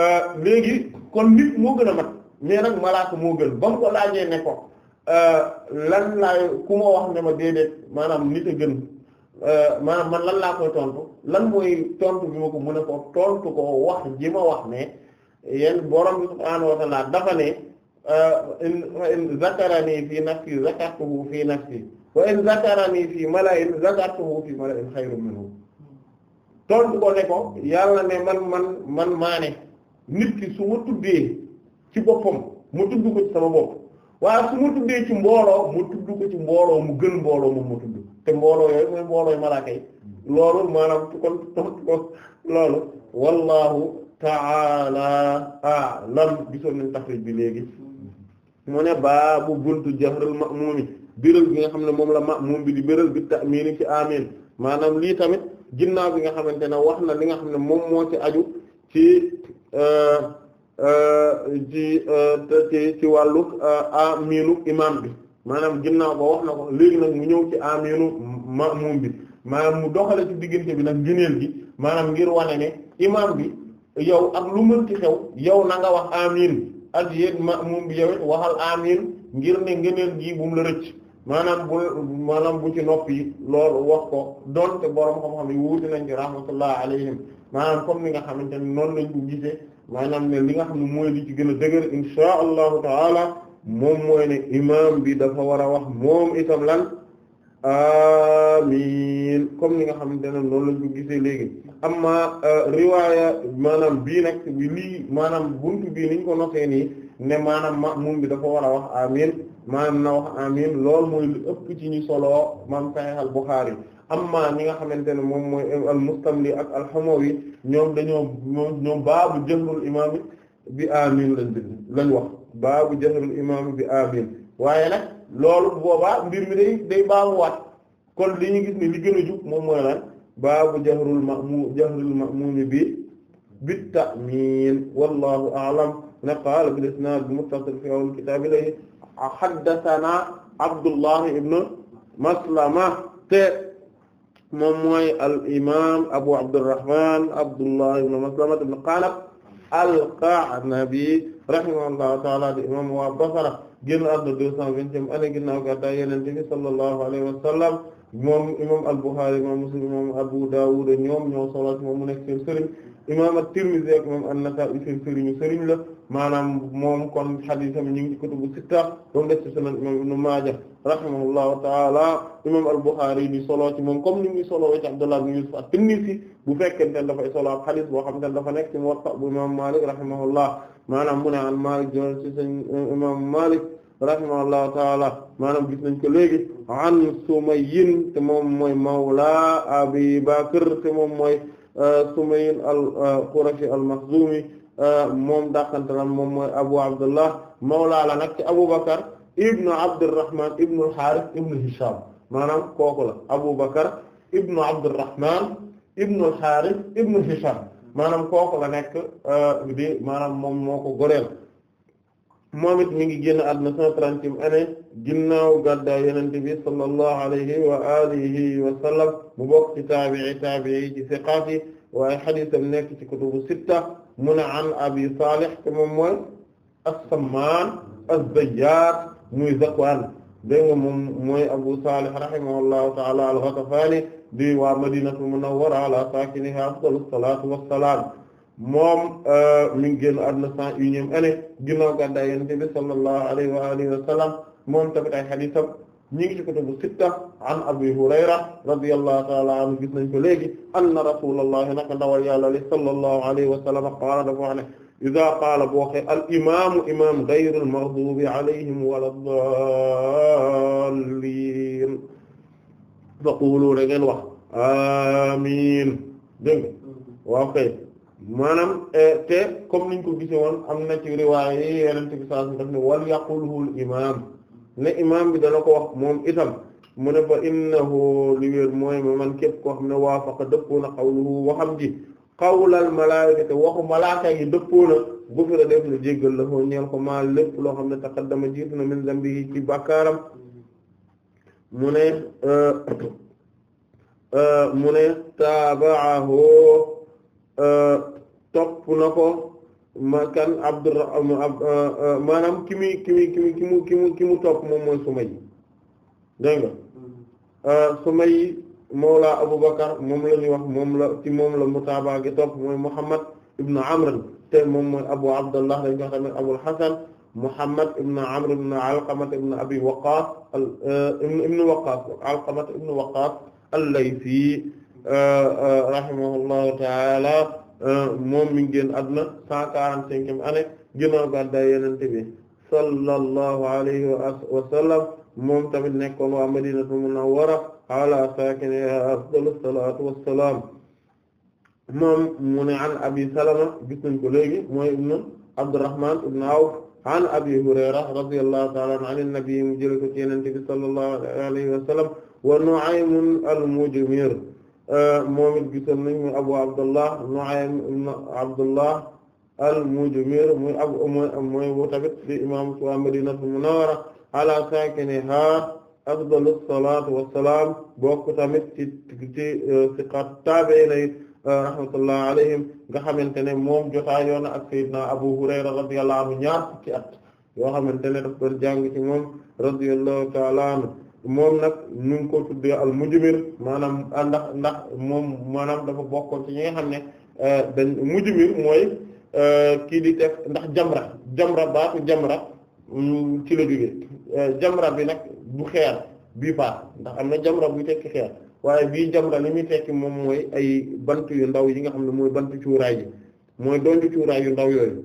euh, léegi kon moo gën a mat mais nag malaaka moo gën ba mu ko laajee ne ko euh, lan laay ku ma wax ne ma déedéet maanaam nit a gën Euh, maanaam man lan laa koy tontu lan mooy tontu bi ma ko mën a tontu ko wax ji ma wax ne yéen borom bi subhaanahu wa ta'ala dafa ne euh, zakarani fi nafsi zakartuhu fi nafsi wa in zakarani fi mala'in zakartuhu fi mala'in xayrun minhum tontu ko ne yàlla ne man man man nit ki su ma tuddee ci boppam mu tudd ko sama bopp waa su ma tuddee ci mbooloo ma tudd ko ci mbooloo mu gën mbooloo moom ma tudd te mbooloo yooyu mooy mboolooy malaaka yi loolu maanaam kon ko loolu wallahu ta'ala a'lam gisoon nañ taxrij bi léegi mu ne baabu buntu jahrul ma'mumi biral bi nga xam ne moom la ma'mum bi di biral bi ta'min ci amin maanaam lii tamit ginnaaw bi nga xamante ne wax na li nga xam ne moom moo ci aju ci euh, Euh, euh, ci ci ci wàllu euh, aminu imam bi maanaam ginnaaw ba wax na ko léegi nag mu ñëw ci aminu maamum bi maanaam mu doxale ci diggante bi nag ngëneel gi maanaam ngir wane ne imam bi yow ak lu mën xew yow na nga wax amin ak yéeg maamum bi waxal amin ngir ne ngëneel gi bu la maanaam bu maanaam bu ci nopp yi loolu wax ko donte borom xam-xam yi wuute nañ ci rahmatullah alayhim maanaam comme ni nga xamante ne noonu lañ ko gisee maanaam ne li nga xam ne mooy li jigéen gën a dëgër insha allahu taala moom mooy ne imam bi dafa war a wax moom itam lan amin comme ni nga xamante ne noonu la ko gisee léegi amma euh, riwaaya maanaam bii nag bi lii maanaam buntu bii niñ ko notee nii ne maanaam ma'mum bi dafa war a wax amin maanaam na wax amin loolu mooy lu ëpp ci ñu solo maam Sahih al Bukhari amma ñi nga xamante ne moom mooy al-Mustamli ak al-Hamawi ñoom dañoo moom ñoom baabu jahrul imaam bi amin lañ bi lañ wax baabu jahrul imaam bi amin waaye nag loolu boobaa mbir mi day day baamuwaat kon li ñu gis ne li gën a jub mooy lan baabu jahrul ma'muum jahrul ma'muum bi bit ta'miin wallaahu a'lam na qaala bil isnaad muttasil fi awwal kitaab ilayhi Abdullah ibn Maslama te moom mooy al imaam abu abdurrahman abdullah ibn maslama ibn qanab al-Qa'nabi rahimahullahu ta'ala di imam waa Basra génn àdduna deux cent vingtième année ginnaaw gàddaay Yonent bi sallallahu alayhi wa sallam moom imam al-Bukhari imam Muslim imam Abu Dawud ñoom ñoo solo moom mu nekk seen sëriñ imam at-Tirmidhi ak imam an-Nasa'i seen sëriñu sëriñ la maanaam moom kon xadisam ñu ngi ci kutubu sitta moom def ci sunan imam Ibn Maaja rahimahullahu taala imam al-Bukhari di solo ci moom comme ni muy solo ci Abdullah ibn Yusuf at-Tinnisi bu fekkente ne dafay solo ak xadis boo xam ne dafa nekk ci Muwatta bu imam Malik rahimahullah maanaam mu ne an Malik jël ci seen uh, imam Malik rahimahullahu taala maanaam gis nañ ko léegi an Sumayyin te moom mooy mawla Abi Bakr te moom mooy Euh, Sumayn al-Qurashi euh, al-Makhzumi euh, moom dàqantalam moom mooy Abu Abdullah mawla la nag ci Abu Bakr ibn Abdurrahman ibn al-Harith ibn Hisham maanaam kooku la Abu Bakr ibn Abdurrahman ibn al-Harith ibn Hisham maanaam kooku la nekk di maanaam moom moo ko goreel moom it mi ngi génn àdduna cent trentième année ginnaaw gàddaay yonent bi sallallahu alayhi wa alihi wa sallam mu bokk ci taabi'i taabi'i ci siqaat yi waaye xadiisam nekk ci kutubu sitta mu ne an abi salih te moom mooy as-Sammaan az-Zayyaat muy Zakwaan dégg nga moom mooy abu salih rahimahullahu ta'ala al-Ghatafaani di waa Madinatul Munawwara ala saakinihaa afdalu salaatu wassalaam moom euh, mi ngi génn àdduna cent unième année ginnaaw gàddaay Yonent bi sallallahu alayhi wa alihi wa sallam moom tamit ay xadiisam ñi ngi ci kutubu sitta an abi hurayra radiyallahu ta'ala anhu gis nañ ko léegi anna rasulullahi naka ndawal yàlla li sallallahu alayhi wa sallam qaala dafa wax ne iza qaala boo xe al imaamu imaam ghayril maghdubi alayhim wala daalliin faqulu da ngeen wax amiin dégg mm-hmm. waaw kay maanaam eh, te comme niñ ko gise woon am na ci riwaaya yi yenente bi sallallahu alayhi wasallam daf ne wal ne imam bi dana ko wax moom itam mu ne fa innahu li wér mooy ma man képp koo xam ne waafaqa dëppoo na xawluhu waxam ji xawlal malaayika waxu malaaka yi dëppoo na gufira def na jéggal la foo ñeel ko maa lépp loo xam ne taqaddama jiitu na min zambi yi ci bàkkaaram mu ne eh, eh, mu ne taabaahu topp na ko ma kan Abdur euh, euh, maanaam ki muy ki muy ki muy ki mu ki mu ki mu topp moom mooy Sumay dégg nga mm-hmm. euh, Sumay mawla Abubakar moom la ñuy wax moom la ci moom la mutaaba gi topp mooy Muhammad ibn Amr te moom mooy Abu Abdullah lañu wax tamit Abul Hasan Muhammad ibn Amr ibn Alqama ibn Abi Waqqas ibn Waqqas Alqama ibn Waqqas al-Laythi Euh, moom mi ngi génn àdduna cent quarante-cinquième année ginnaaw gàddaay Yonent bi sallallahu alayhi wa sallam moom tamit nekkoon waa Madinatul Munawwara ala saakinihaa afdalu salaatu wassalaam moom mu ne an Abi Salama gis nañ ko léegi mooy ibnu Abdurrahman ibnu Awf an Abi Hurayra radiyallahu ta'ala anhu an nabi mu jële ko ci Yonent bi sallallahu alayhi wa sallam wa Nu'aym al-Mujmir moom it gisoon nañ muy Abu Abdullah Nu'aym ibn Abdullah al-Mujmir muy abu muy mu tamit di imam wa Madinatu Munawwara ala sakiniha afdalu salaatu wa salaam bokk tamit ci ci siqaat taabi'iin yi rahmatullahi alayhim nga xamante ne moom jotaayoo na ak Seydina Abu Hurayra radiyallahu anhu ñaar ci at yoo xamante ne daf doon jàng ci moom radiyallahu ta'ala anhu moom nag ñu ngi ko tuddee al mujmir maanaam ah, ndax ndax moom maanaam dafa bokkoon ci ñi nga xam ne dañ euh, mujmir mooy euh, kii di def ndax jamra jamra baatu jamra mm, ci la jógee euh, jamra bi nag du xeer bii paa ndax am na jamra buy tekki xeer waaye bii jamra ni muy tekki moom mooy ay bant yu ndaw yi nga xam ne mooy bant cuuraay yi mooy donju cuuraay yu ndaw yooyu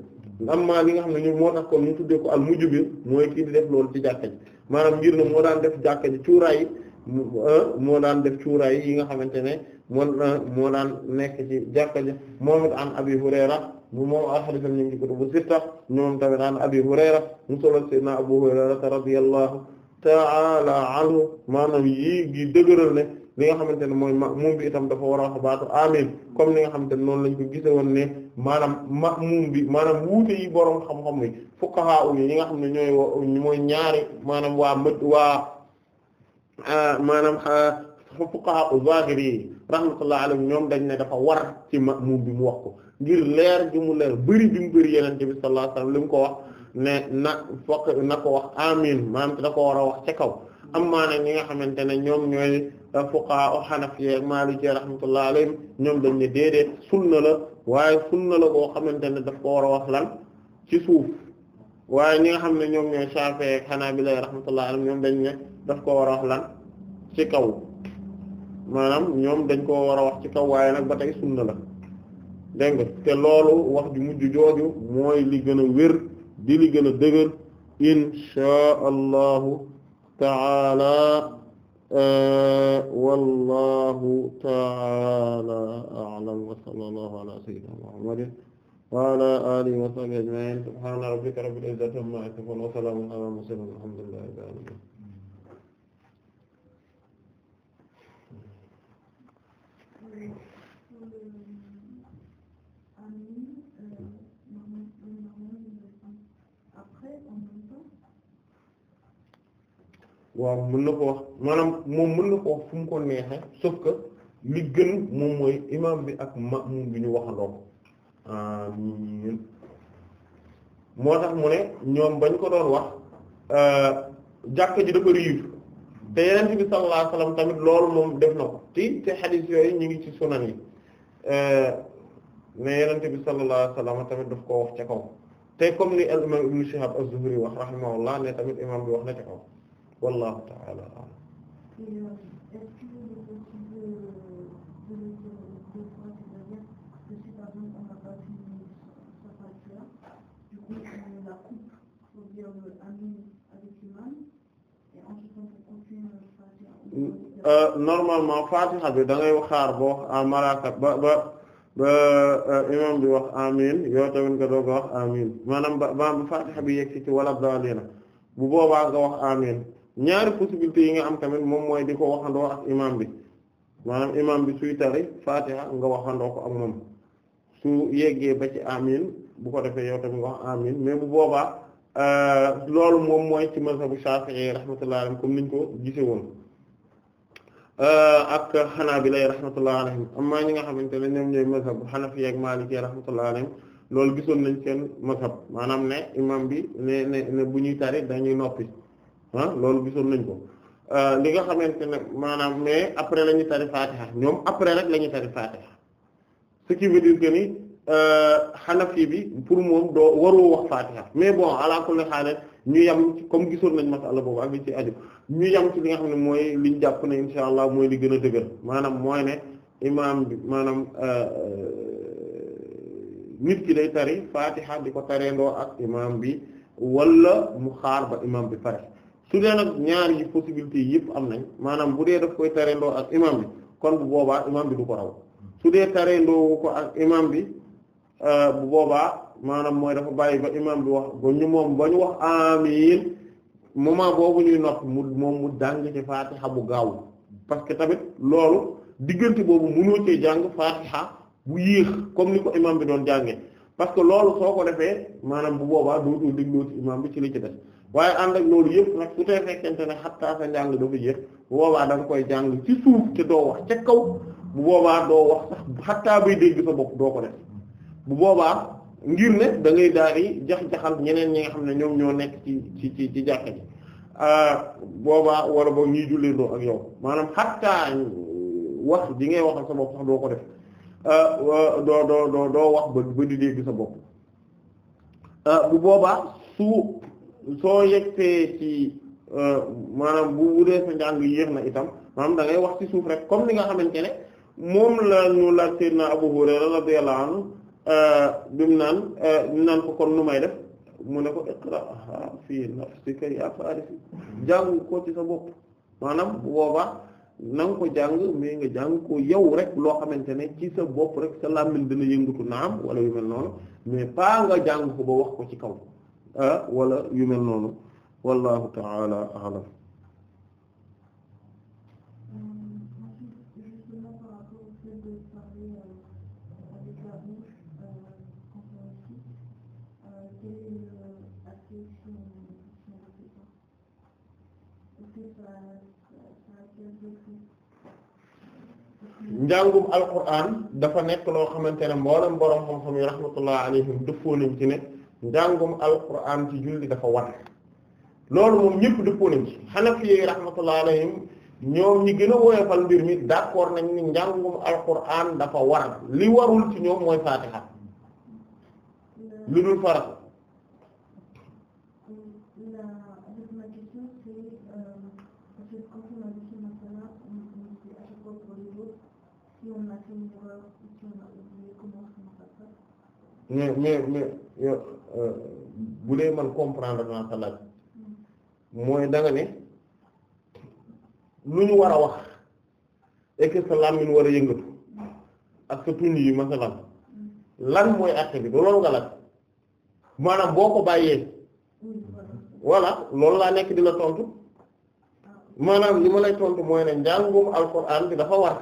amma li nga xam ne ñoom moo tax kon mu tuddee ko al mujj bi mooy kii di def loolu ci jàkka ji maanaam ngir ne moo daan def jàkka ji cuuraay yi ah, moo daan def cuuraay yi nga xamante ne moo ah, moo daan nekk ci jàkka ji moom it an Abi Hurayra mu moom alxadisam ñu ngi ko bu sitta ñoom tamit an Abi Hurayra mu solo sayyidina Abu Hurayra radiyallahu ta'ala anhu maanaam yii gi dëgëral ne li nga xamante ne mooy ma'muum bi itam dafa war a wax baatu amiin comme ni nga xamante ne noonu lañ gise woon ne maanaam ma'muum bi maanaam wuute yi boroom xam-xam ni fuqahaa nga xam ne ñooy mooy ñaari maanaam waa mët waa euh, maanaam euh, fuqahaa u zaahiri yi rahmatullahi ñoom dañ ne dafa war ci ma'muum bi mu wax ngir leer ju mu leer bëri bi mu bëri ko wax ne na fokk na ko wax amiin maanaam da ko war a wax ca nga xamante ne ñoom ñooy fuqaha o xanafiye ak maliki rahmatullah alayhim ñoom dañ ne déedéet sunna la waaye sunna la boo xamante ne daf ko war a wax lan ci suuf waaye ñi nga xam ne ñoom ñooy Shafi'i ak Hanabila rahmatullah alayhim ñoom dañ ne daf ko war a wax lan ci kaw maanaam ñoom dañ koo war a wax ci kaw waaye nag ba tey sunna la dégg nga te loolu wax ju mujj jooju mooy li gën a wér di li gën a dëgër insha allahu taala wallahu ta'ala a'lam wa sallallahu ala sayyidina muhammadin wa ala alihi wa sahbihi ajma'in subhana rabbika rabbil izzati amma yasifun wa salamun ala mursalin walhamdulillahi rabbil alamin waaw mën na ko wax maanaam moom mën na ko wax fu mu ko neexee sauf que li gën moom mooy imam bi ak ma'mum bi ñu waxandoo ko amiin ah, moo tax mu ne ñoom bañ ko doon wax euh, jàkk ji dafa riir te yeneen bi sallallahu alayhi wasallam tamit loolu moom def na ko ci te xadiis yooyu ñu ngi ci sunan yi euh, ne yeneen bi sallallahu alayhi wasallam tamit daf koo wax ca kaw te comme ni al imam ibnu Shihab zuhri wax rahimahullah ne tamit imam bi wax na ca wallahu ta'ala a'lam normalement fatiha bi da ngay xaar boo wax malaaka ba ba euh, imam bi wax amin yow tamit nga doog a wax amin maanaam ba fatiha bi yegg ci wala daalina bu boobaa nga wax amin ñaari possibilité yi nga am tamit moom mooy di ko waxandoo ak imam bi maanaam imam bi suy tari fatiha nga waxandoo ko am moom su yeggee ba ci amin bu ko defee yow tamit nga wax amin mais bu boobaa euh, loolu moom mooy ci mazhabu Shafi'i rahmatullahi alayhim comme niñ ko gise woon euh, ak Hanabila rahmatullahi alayhim amma ñi nga xamante ne ñoom ñooy mazhabu Hanafi ak Maliki rahmatullahi alayhim loolu gisoon nañ seen mazhab maanaam ne imam bi ne ne ne bu ñuy tari dañuy noppi ah loolu gisoon nañ ko euh, li nga xamante ne maanaam mais après la ñuy tari fatiha ñoom après rek la ñuy tari fatiha ce qui veut dire que ni xanafi euh, bi pour moom doo waroo wax fatiha mais bon ala kulli xaal ñu yam comme gisoon nañ masala boobu ak li ci aju ñu yam li nga xam ne mooy li jàpp ne insha allah mooy li gën a dëgër maanaam mooy ne imaam bi maanaam euh, nit ki day tari fatiha di ko tareendoo ak imaam bi wala mu xaar ba imaam bi pare su dee nag ñaar yi possibilité yëpp am nañ maanaam bu dee daf koy tarendoo ak imam bi kon bu boobaa imam bi du ko raw su dee tarendoo ko ak imaam bi euh, bu boobaa maanaam mooy dafa bàyyi ba imaam bi wax ba ñu moom ba ñu wax amiin moment boobu ñuy nox mu moom mu jàng ci fatiha bu gaaw parce que tamit loolu diggante boobu mu cee jàng fatiha bu yéex comme ni ko imam bi doon jàngee parce que loolu soo ko defee maanaam bu boobaa dootul dégloo ci imaam bi ci li ci def waaye ànd ak loolu yëpp nag su tee fekkente ne xattaa sa njàng dafa jeex bu boobaa da nga koy jàng ci suuf doo wax kaw bu boobaa doo wax sax ko def bu boobaa ngir ne da ngay daal ñeneen ñi nga xam ne ñoom ñoo nekk ci ci ci ci jàkka ji ah, boobaa wala boog ñiy julleendoo ak yow maanaam xattaa wax ji ngay waxal sa bopp sax doo ko def Euh, doo doo doo doo wax ba ba di dégg sa bopp euh, bu boobaa su soo yegtee ci euh, maanaam bu wuree sa njàng yéex na itam maanaam da ngay wax ci suuf rek comme li nga xamante ne moom la ñu laaj Seydina Abu Hurayra radiyallahu anhu bi naan ñu naan ko kon nu may def mu ne ko iqraha fi nafsika ya farisi jàng ko ci sa bopp maanaam boobaa na nga ko jàng mais nga jàng ko yow rek loo xamante ne ci sa bopp rek sa làmmiñ dina yëngatu naam wala yu mel noonu mais pas nga jàng ko ba wax ko ci kaw ah, walla yu mel noonu wallahu ta'ala a'lam euh, njàngum alquran dafa nekk loo xamante ne mboolem borom xam-xam yi alayhim dëppoo nañ ci ne njàngum alquran ci julli dafa war loolu moom ñëpp dëppoo nañ ci Hanafi yi rahmatullah alayhim ñoom ñi gën a woyofal mbir mi d'accord nañ ni njàngum alquran dafa war li warul ci ñoom mooy faatiha lu dul farata mais mais mais euh, bu dee man comprendre naa sa laaj mooy da ne lu ñu war a wax et que sa làmmiñ war a yëngatu ak sa tuñ yi masalan lan mooy acte bi loolu nga laaj maanaam boo ko bàyyee voilà loolu laa nekk di la tontu maanaam li ma lay tontu mooy ne njàngum alxuraan bi dafa war.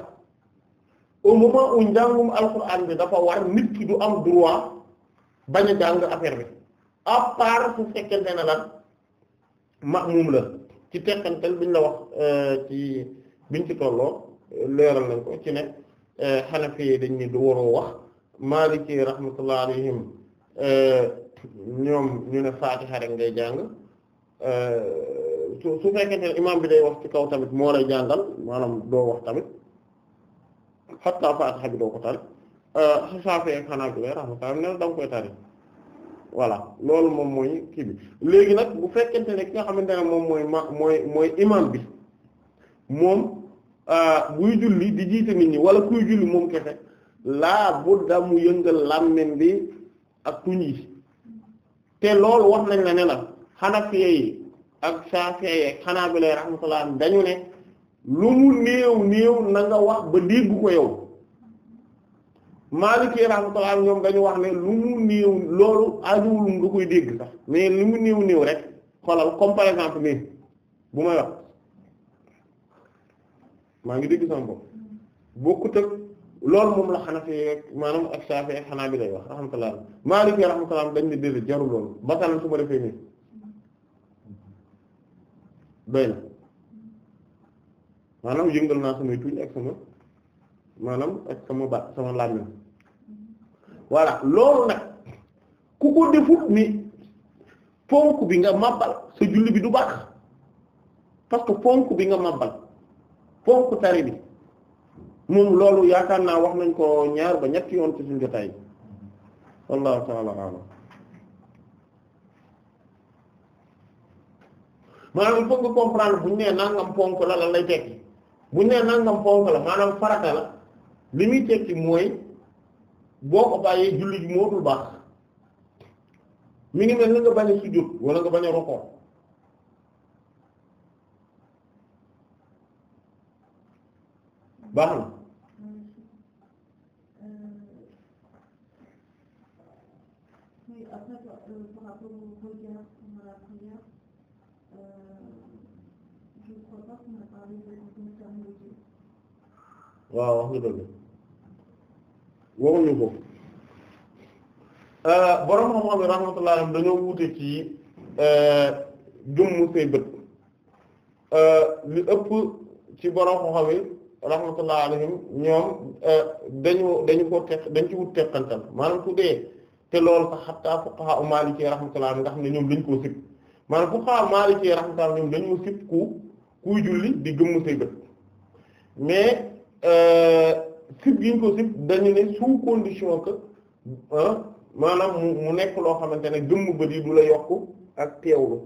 au moment où njàngum alxuraan bi dafa war nit ki du am droit bañ a jàng affaire bi à part su fekkente ne lan ma'mum la ci tekkantal biñ la wax euh, ci biñ ci tolloo leeral nañ ko ci ne xanafi euh, dañ ni du waroo wax maliki rahmatullah alayhim euh, ñoom ñu ne faatiha rek ngay jàng su su fekkente ne imaam bi day wax ci kaw tamit moo lay jàngal maanaam doo wax tamit xatta Faatiha bi doo ko tari euh, Shaafi'i ak Hanaabila rahmatullah ne da nga koy tari voilà loolu moom mooy kii bi léegi nag bu fekkente ne ki nga xamante ne moom mooy ma mooy mooy imam bi moom euh, buy julli di jiite nit ñi wala kuy julli moom kese laa bu damu yëngal làmmiñ bi ak tuñ yi te loolu wax nañ la ne la Hanafi yi ak Shaafi'i ak Hanaabila rahmatullah dañu ne lu mu néew néew na wax ba dégg ko yow Maliki rahmatullah ñoom dañu wax ne lu mu néew loolu ajuwul nga koy dégg sax mais li mu néew néew rek xoolal comme par exemple nii bu may wax maa ngi dégg sama boo bokkut ak loolu moom la Hanafi maanaam ak Shafi'i xanaa bi lay wax rahmatullah Maliki rahmatullah dañ ne déedéet jarul loolu ba su ma defee nii doy na. maanaam yëngal naa samay tuñ ak sama maanaam ak sama baat sama làmmiñ voilà loolu nag ku ko defut ni ponk bi nga màbbal sa julli bi du baax parce ponk bi nga màbbal ponk tari bi moom loolu yaakaar naa wax nañ ko ñaar ba ñetti yoon ci suñu jotaay wallahu ta'ala a'lam maanaam il faut nga comprendre bu ñu nee nangam ponk la lan lay tekki buñ nee nangam fonk la maanaam farata la li muy tekki mooy boo ko bàyyee julli ji moo dul baax mu ngi mel ni nga bañ sujjóot wala nga bañ a baax na waaw wax nga dëgg waxuñu ko euh, borom xam yi rahmatullahi alayhim dañoo wuute ci euh, jummu say bët euh, li ëpp ci borom xam-xam yi rahmatullahi alayhim ñoom dañu dañu ko teq dañ ci wut teqantal maanaam ku dee te loolu sax xataa fuqaha maliki rahmatullahi nga xam ne ñoom dañ koo sib maanaam fuqaha maliki rahmatullahi ñoom dañoo sib ku kuy julli di gëmm say bët mais Euh, sib gi ñu ko sib dañu ne sous condition que maanaam mu mu nekk loo xamante ne gëmm bët yi du la yokk ak teewlu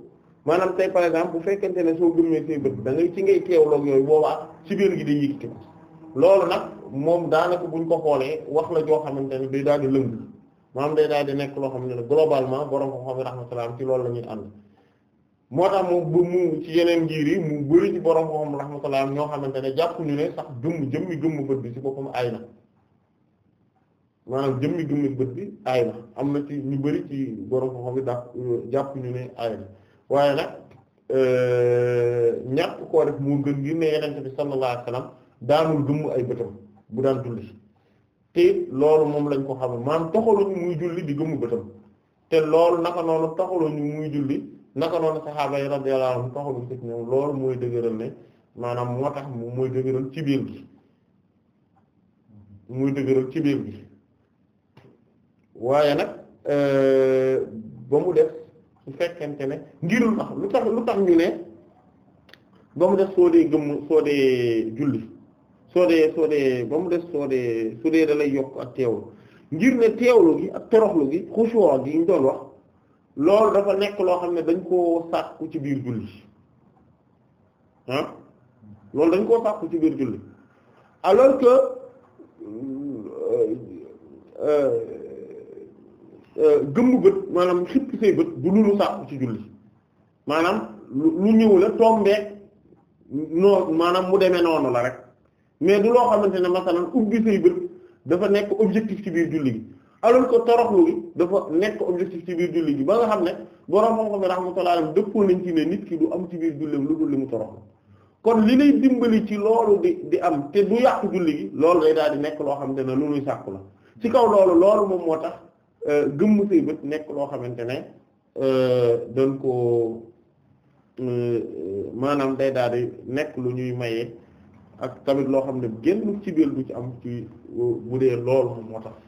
maanaam tey par exemple bu fekkente ne soo gëmmee say bët da ngay ci ngay teewlu ak yooyu boobaa ci biir gi day yëkkati loolu nag moom daanaka buñ ko xoolee wax la joo xamante ne day daal di lëng maanaam day daal di nekk loo xam ne globalement borom ko xam rahmatullah ci loolu la ñuy ànd. moo tax mu mu ci yeneen ngir yi mu bëri ci borom xam rahmatullah ñoo xamante ne jàppuñu ne sax jëmm jëmmi gëmm bët bi ci boppam aay na maanaam jëmmi gëmm bët bi aay na am na ci ñu bëri ci borom xam bi da jàppuñu ne aay na waaye nag ñàkk koo def moo gën ngir ne yeneen bi sallallahu alayhi wasallam daanul gëmm ay bëtam bu daan julli te loolu moom lañ ko xam maanaam taxaluñu muy julli di gëmm bëtam te loolu naka noonu taxaluñu muy julli. naka noonu saxaaba yi radiyallahu anhum taxul fik ñoom loolu mooy dëgëral ne maanaam moo tax mooy dëgëral ci biir gi muy dëgëral ci biir gi waaye nag euh, ba mu def su fekkente ne ngir lu tax lu tax lu tax ñu ne ba mu def soo dee gëmm soo dee julli soo dee soo dee ba mu def soo dee su dee da lay yokk ak teewlu ngir ne teewlu gi ak toroxlu gi xusuwa gi ñu wax loolu dafa nekk loo xam ne dañ koo sàkku ci biir julli ah loolu dañ koo sàkku ci biir julli alors que euh, euh, euh, gëmmu bët maanaam xippi say bët du lu lu sàkku ci julli maanaam lu ñëw la tombeek noonu maanaam mu demee noonu la rek mais du loo xamante ne masalan ubbi say bët dafa nekk objectif ci biir julli gi alors que toroxlu gi dafa nekk objectif ci biir julli gi ba nga xam ne borom xam-xam yi rahmatullah alayhi dëppoo nañ ci ne nit ki du am ci biir julleem lu dul li mu toroxlu kon li lay dimbali ci loolu di am te du yàqu julli gi loolu day daal di nekk loo xamante ne lu nuy la ci kaw loolu loolu moom moo tax euh, gëmm nekk loo xamante ne euh, dañ ko euh, maanaam day daal nekk lu ñuy mayee ak tamit loo xam ne génn ci biir du ci am ci bu dee loolu moom moo tax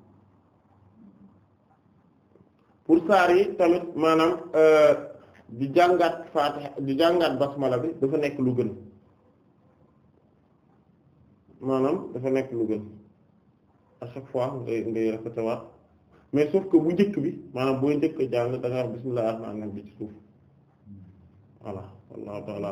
pour saar yi tamit maanaam euh, di jàngaat faatiha di jàngaat basmala bi dafa nekk lu gën maanaam dafa nekk lu gën à chaque fois ngay mais sauf bu njëkk bi maanaam boo njëkk a jàng nga bi ci suuf voilà wallahu ta'ala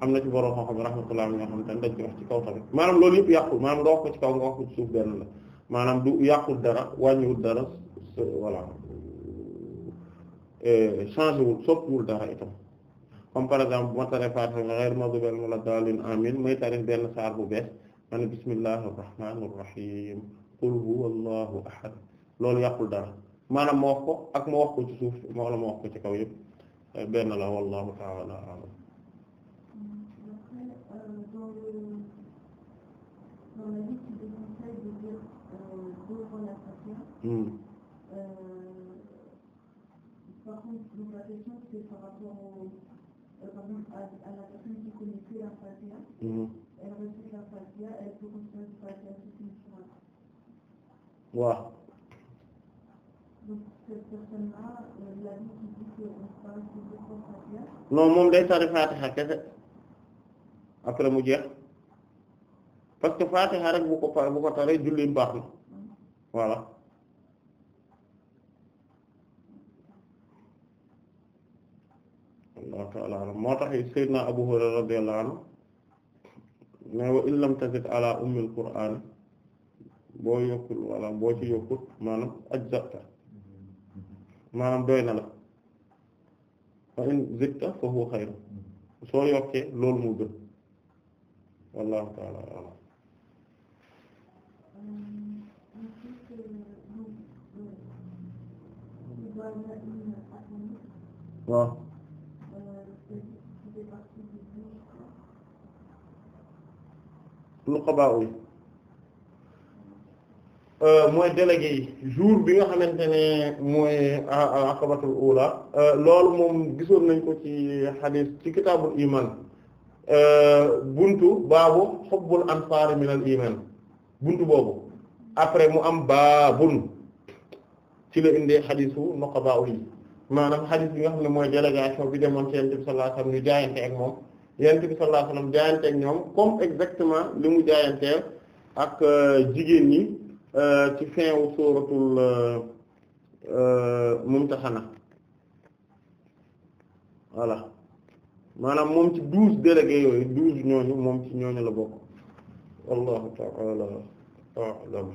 am na ci borom xam-xam ci kaw tamit maanaam loolu yëpp yàqul maanaam doo nga wax ko suuf benn maanaam du yàqul dara wàññiwul dara voilà changé eh, wul dara itam comme par exemple bu ma taree Faatiha ghayr maghdubi alayhim wala daalliin amiin ma ne bismillaahir rahmaanir rahiim qul huwallaahu ahad loolu yàqul dara maanaam ma wax ma wax ko ci ma wax ko ci kaw yëpp eh, la wallaahu ta'aala a'lam hmm. donc la question c'est par euh, par exemple, à, mhm. euh, euh, Non, moom day tari Fatiha kese après mu jeex parce que Fatiha rek bu ko paree bu ko taree julli baax na mhm. voilà. radiyallahu moo tax Seydina Abu Hurayra radiyallahu anhu ne wa in lam tazid ala ummil qur'aan boo yokkul wala boo ci yokkul maanaam ajzata maanaam doy na la fa in zidta fa huwa xayru soo yokkee loolu mu gën wallahu ta'ala waaw nuqabaa yi euh, mooy délégué yi jour bi nga xamante ne mooy aqabatul ula euh, loolu moom gisoon nañ ko ci xadiis ci kitaabul iman euh, buntu baabu xubbul ansaar min al iman buntu boobu après mu am baabun ci la indee xadiisu nuqabaa yi maanaam xadiis bi nga xam ne mooy délégation bi demoon ci Yonent bi sallallahu alayhi wasallam ñu jaayante ak moom yonent bi sallallahu alayhi wasallam jaayanteeg ñoom comme exactement li mu jaayanteel ak euh, jigéen ñi euh, ci fin wu sóoratul euh, Mumtahana voilà maanaam moom ci douze délégués yooyu douze ñooñu moom ci ñooñu la bokk wallahu ta'ala a'lam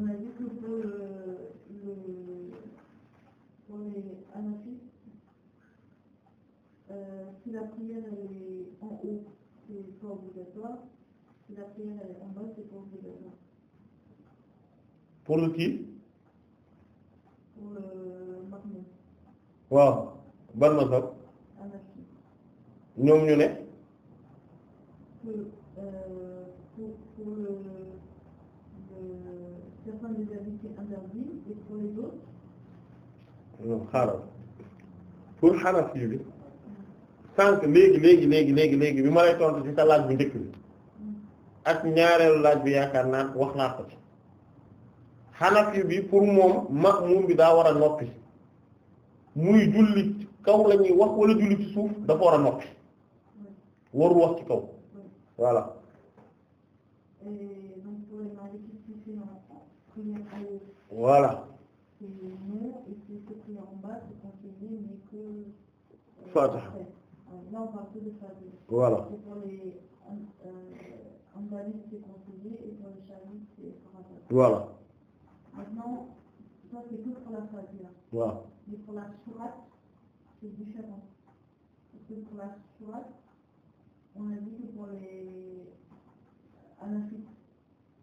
on a vu que pour le, pour les anafis, euh, si la prière est en haut, c'est pas obligatoire. Si la prière est en bas, c'est pas obligatoire. Pour le qui Pour le euh, Mahmoud. waaw ban mazhab. Hanafi. ñoom ñu ne. xaaral pour Hanafi bi sànq léegi léegi léegi léegi léegi bi ma lay tontu ci sa laaj bu njëkk bi ak ñaareelu laaj bi yaakaar naa wax naa ko ci Hanafi bi pour moom ma ma'muum bi daa war a noppi muy julli kaw lañuy wax wala julli ci suuf dafa war a noppi waru wax ci kaw voilà. voilà non et qui est écrit en bas, c'est conseillé, mais que... Euh, Fatiha. Là, on parle que de Fatiha. Voilà. Et pour les euh, euh, Andalis, c'est conseillé, et pour les Chavis, c'est Fatiha. Voilà. Maintenant, ça, c'est que pour la Fatiha. Voilà. Mais pour la Sourate, c'est différent. Parce que pour la a dit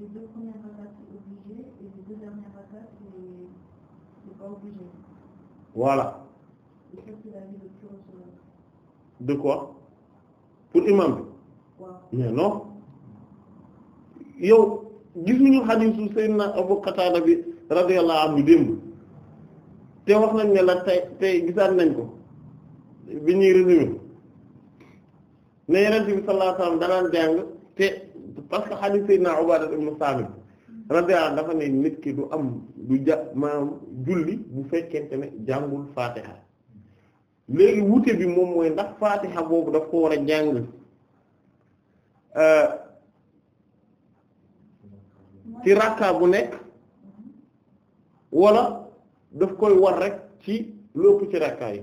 les deux premières rakates c'est obligé et les deux dernières rakates c'est c'est pas obligé. Voilà. Et bi. waaw mais non yow gisuñu te wax nañ ne la tey tey gisaat nañ ko bi ñuy résumé ne Yonent bi sallallahu jàng te. parce que hadith Seydina Ubaada ibn Saamit radiyallahu dafa ne nit ki du am du ja maanaam julli bu fekkente ne jàngul Fatiha léegi wute bi moom mooy ndax Fatiha boobu daf ko war a jàng euh, ci rakka bu nekk wala daf koy war rek ci lépp ci rakka yi.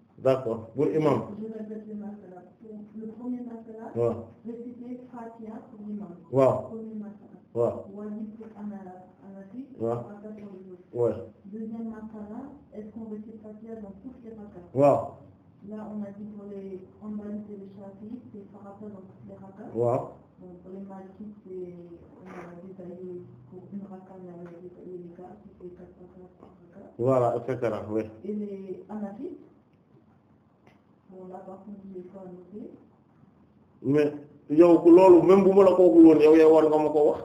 d'accord pour imam. waaw. waaw. waaw. waaw. waaw. Là, on a dit pour les hanbalites et les chafiites, c'est par rapport à les rakas. Waaw. Donc pour les malikites, c'est on a détaillé pour une raka, on a détaillé les cas, c'est quatre rakas, cinq rakas. Voilà, et cetera, oui. Et les hanafites mais yow ku loolu même bu ma la ko waxul woon yow yow war nga ma ko wax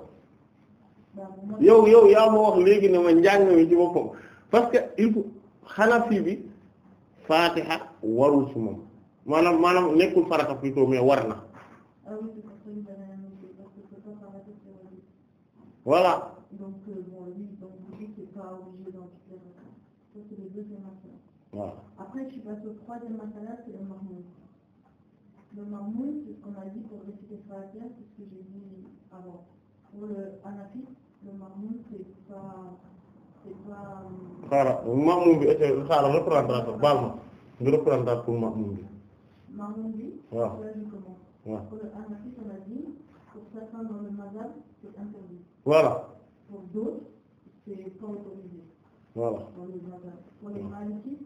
yow yow yaa ma wax léegi ne ma njàng mi ci boppam parce que il faut Hanafi bi Fatiha warul ci moom maanaam maanaam nekkul farata plutôt mais war na ah voilà euh, Après, je suis passée au troisième le marmoun. Le marmoun, c'est ce qu'on a dit pour réciter Fatiha, c'est ce que j'ai dit avant. le hanafi, le marmoun, c'est pas... c'est pas... Euh, xaaral marmoun bi était xaaral reprendre ko baal ma nga reprendre pour marmoun bi. marmoun bi. waaw waaw le hanafi, on a dit pour certains dans le mazhab, c'est interdit. voilà. pour d'autres, c'est pas autorisé. voilà. pour les mazalis,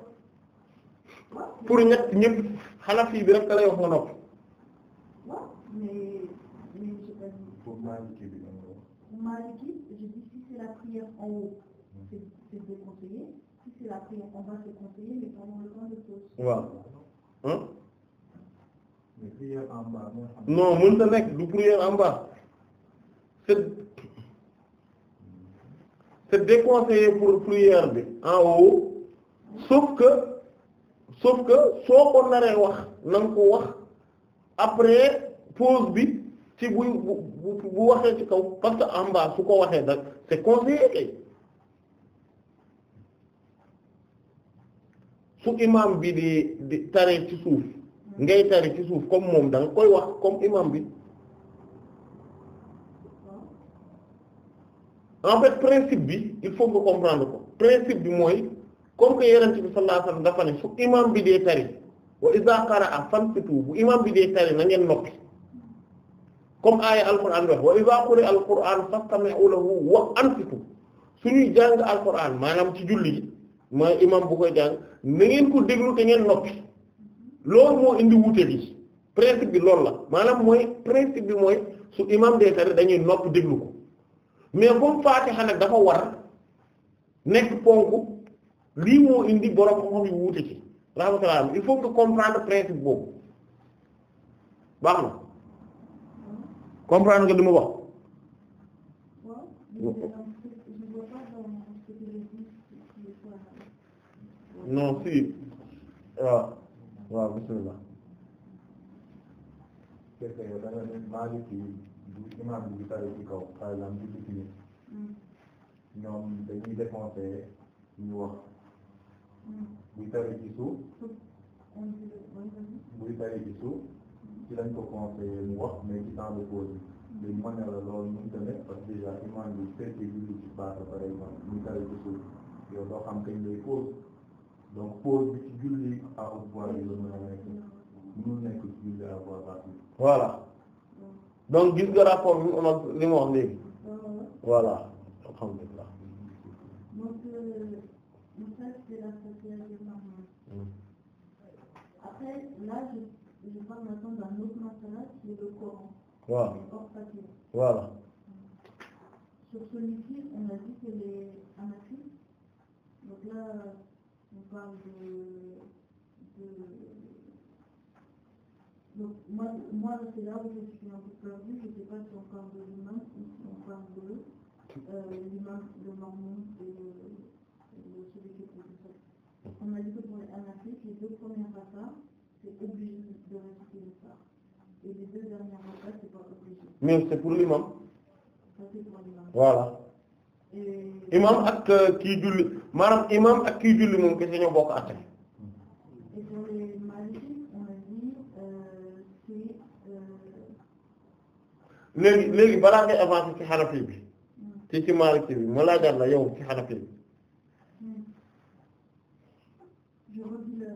pour ñett ñëpp Hanafi bi rek lay wax nga nopp pour Maliki bi Maliki si c'est la prière en haut c'est si c'est la prière en bas c'est non mën ta nekk du prière en bas c'est c'est déconseillé pour bi en haut sauf sauf que soo ko naree wax na ko wax après pause bi ci buy bu bu waxee ci kaw parce que en bas su ko waxee nag c'est conseillé kay su imam bi di di tare ci suuf ngay tare ci suuf comme moom danga koy wax comme imam bi en fait principe bi il faut nga comprendre ko principe bi mooy comme que yonent bi sallallahu alayhi wasallam dafa ne su imam bi dee tari wa iza qara'a fansitu bu imam bi dee tari na ngeen noppi comme aaya alquran wax wa iza quri'a alquran fastami'u lahu wa ansitu suñuy jàng alquran maanaam ci julli gi mooy imam bu koy jàng na ngeen ko déglu te ngeen noppi loolu moo indi wuute bi principe bi loolu la maanaam mooy principe bi mooy su imam dee tari dañuy noppi déglu ko mais comme Fatiha nag dafa war nekk ponku lii moo indi borom xam-xam yu wuute ci rahmatullah il faut que comprendre principe boobu baax na comprendre ah, ci kaw buy tari ci suuf buy tari ci suuf ci lañ ko conseillé mu wax mais ci temps de pause bi léegi ma ne la loolu ñu ngi tamit parce que déjà imam bi fekkee julli ci baax pare muy tari ci suuf yow doo xam kañ lay pause donc pause bi ci julli à haute voix yi la mën a nekk mënul nekk ci julli à voix basse bi voilà donc gis nga rapport bi mu am li mu wax léegi voilà alhamdulillah Donc ça, c'était la stratégie marrante. Mm. Après, là, je, je parle maintenant d'un autre matelas qui est le Coran. Voilà. Voilà. Sur celui-ci, on a dit que les hanafi, donc là, on parle de... de donc moi, moi c'est là où je suis un peu perdue, je ne sais pas si on parle de l'imam ou si on parle euh, On a dit que pour les Hanafi, les Mais c'est pour l'imam. Ça, imam ak euh, kii julli maanaam imam ak kii julli moom kese ñoo bokk àtte. Euh, euh, léegi léegi balaa ngay avancer ci xanafi bi. ci ci maliki bi ma laajar la yow ci xanafi bi.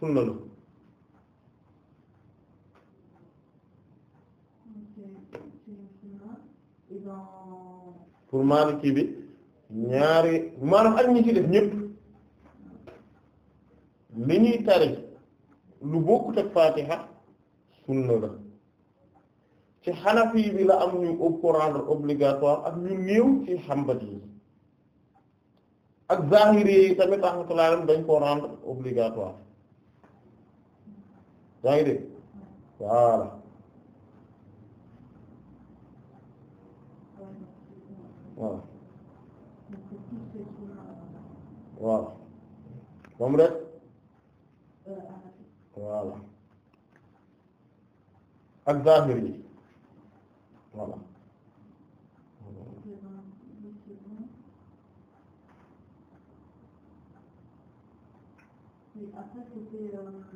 sunna la pour Maliki bi ñaari maanaam ak ñi ci def ñépp li ñuy tari lu bokkut ak Fatiha sunna la ci Hanafi bi la am ñu obligatoire ak ñu néew ci Hanbali yi ak Zahiri yi tamit rahmatullah dañ ko rendre obligatoire yaa ngi dégg voilà voilà voilà moom rek voilà ak yi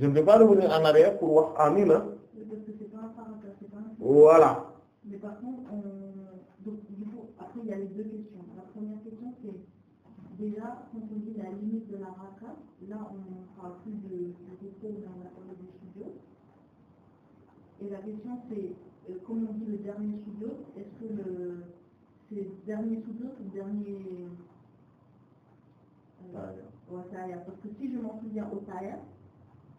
je ne vais pas revenir en arrière pour wax amin mais par contre euh, donc du coup après il y a les deux questions la première question c'est déjà quand on dit la limite de la raka là on parle plus de repos dans la période du studio et la question c'est euh, comme on dit le dernier studio est-ce que le c'est dernier studio ou dernier euh, parce que si je m'en souviens au tailleur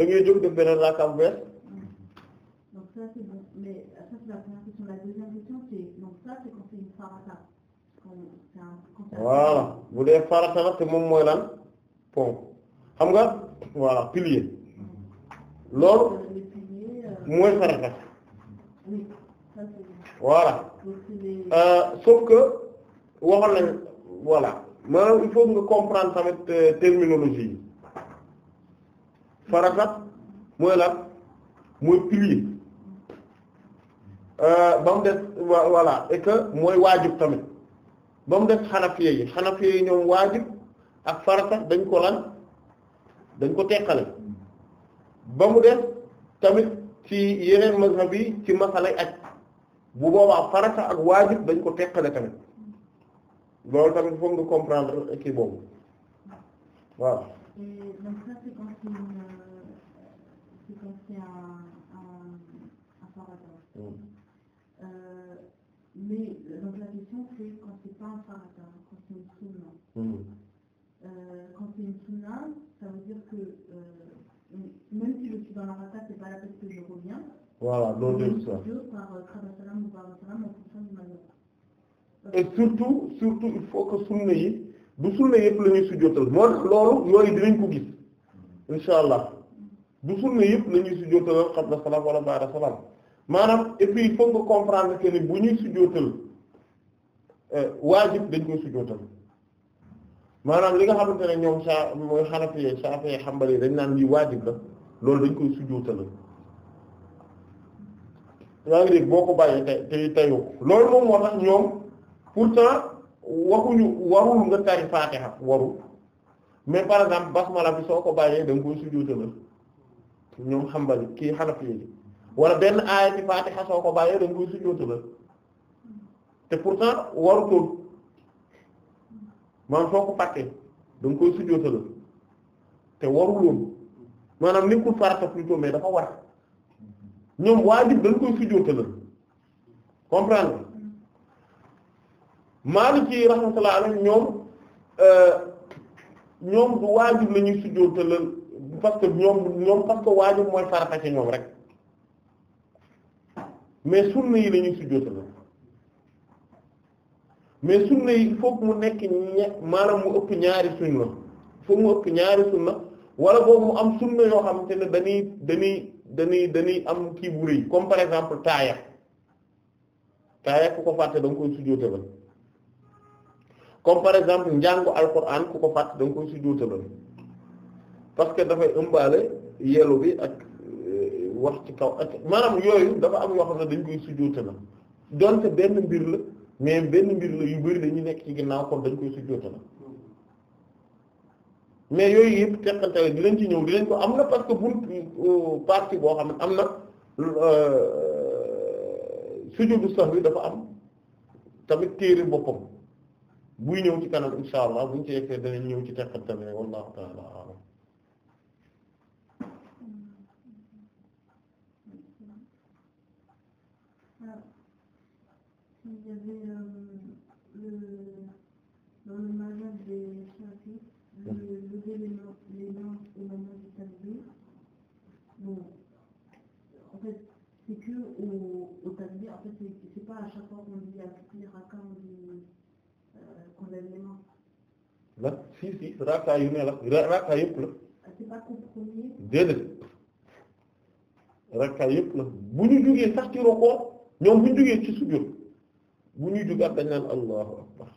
da ngay jóg def beneen la première question la bu dee farata te moom mooy lan pont xam nga voilà pilier loolu euh, mooy farata voilà euh, sauf que waxoon nañ voilà maanaam il faut nga comprendre tamit euh, terminologie yi farata mooy lan mooy pilier euh, ba mu des voilà et que mooy waajib tamit ba mu des xanafiye yi xanafiye yi ñoom waajib ak farata dañ ko lan dañ ko teqale ba mu des tamit ci yeneen mazhab bi ci masalay aj bu boobaa farata ak waajib dañ ko teqale tamit loolu tamit foog nga comprendre kii boobu Et donc ça c'est quand c'est euh, une, c'est quand c'est un, un, un pharaton. Mm. Euh, mais euh, donc la question c'est quand c'est pas un pharaton, quand c'est une sunna. Mm. Euh, quand c'est une sunna, ça veut dire que euh, même si je suis dans l'arakat, c'est pas la peine que je reviens. Voilà, l'odeur de ça. Par euh, Salam ou par Salam en fonction du mazhab. Et surtout, surtout il faut que sunna yi du sunna yëpp la ñuy sujjóotal moo tax loolu yooyu dinañ ko gis insha allah du sunna yëpp la ñuy sujjóotal qabla salaam wala ba'da salaam maanaam et puis il faut nga comprendre que ni bu ñuy sujjóotal euh, waajib dañ koy sujjóotal maanaam li nga xamante ne ñoom saa mooy xanafiye saafee xambali dañ naan lii waajib la loolu dañ koy sujjóotal yaa ngi dégg boo ko bàyyee tey tey teyoo loolu moom moo tax ñoom pourtant waxuñu warul nga tari Fatiha warul mais par exemple basmala bi soo ko bàyyee da nga koy sujjóotal ñoom xambali kii Hanafi yi wala benn aaya ci Fatiha soo ko bàyyee da nga koy sujjóotal te pourtant warutoon maanaam soo ko fàttee da nga koy te waruloon maanaam dafa war ñoom waajib dañ koy sujjóotal comprendre Maliki rahmatullah alayhi ñoom euh, ñoom du waajib la ñuy sujjóotalal ñoom ñoom parce que waajib mooy farata ci ñoom rek mais sunna yi la ñuy sujjóotalal mais sunna yi fokk mu nekk ña maanaam mu ëpp ñaari sunna fokk mu ëpp ñaari sunna wala boobu mu am sunna yoo xamante ne dañuy dañuy dañuy dañuy am kii bu rëy comme par exemple taaya taaya ku ko fàtte da nga koy sujjóotalal comme par exemple njàngu alquran ku ko fàtt da nga koy sujjóotaloon parce que dafay ëmbaale yelu bi ak euh, wax ci kaw ak maanaam yooyu dafa am yoo xam ne dañ koy sujjóotal donte benn mbir la mais benn mbir la yu bari dañu nekk ci ginnaaw kon dañ koy sujjóotal mais yooyu yëpp teqanteel dinañ ci ñëw dinañ ko am na parce que bunt euh, partie boo xam ne am na euh, sujjóotu bi dafa am tamit téere boppam. buy ñëw ci kanam insha allah buñ ci yegsee danañ ñëw ci teqantal ne wallahu ta'ala a'lam il y avait euh, le, dans le mariage des chapitres, le lever les mains, les mains au moment du talbé. Bon, en fait, c'est que au, au talbé, en fait, c'est, c'est pas à chaque fois qu'on dit à toutes les rakas, on la si si raka yu ne la raka yëpp la déedéet raka yëpp la bu ñu jógee sax ñoom bu ñu jógee ci sujjóot bu ñuy jóg ak dañ naan allahu akbar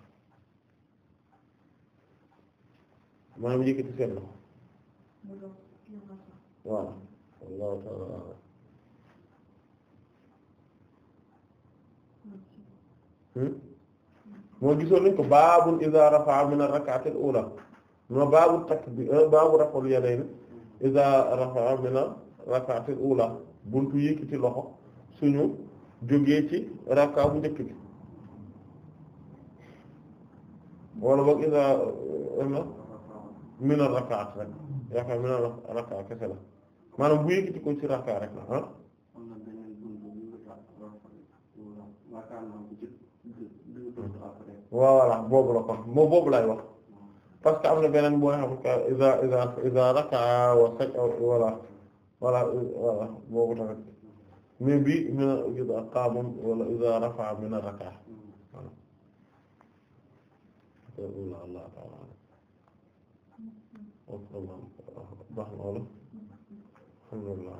maanaam yëkkati seen loxo waaw allahu moo gisoon nañ ko baabul iza rafa'a min ar-rak'ati al-ula ma takk bi euh, baabu rafa'ul yadayni iza rafa'a min ar-rak'ati al buntu yëkkati loxo suñu jógee ci rakka bu njëkk bi wala boog iza euh, min ar-rak'ati rek rafa'a min ar-rak'a kese la maanaam bu yëkkati ko ci rakka rek la ah voilà boobu la kon moo boobu lay wax parce que am na beneen boo xam ne iza iza iza raka wa sajda voilà voilà voilà boobu tamit mais bi ñu ne iza qaama wala iza rafa'a min ar-raka voilà Allah ta'ala baax na wala alhamdulillah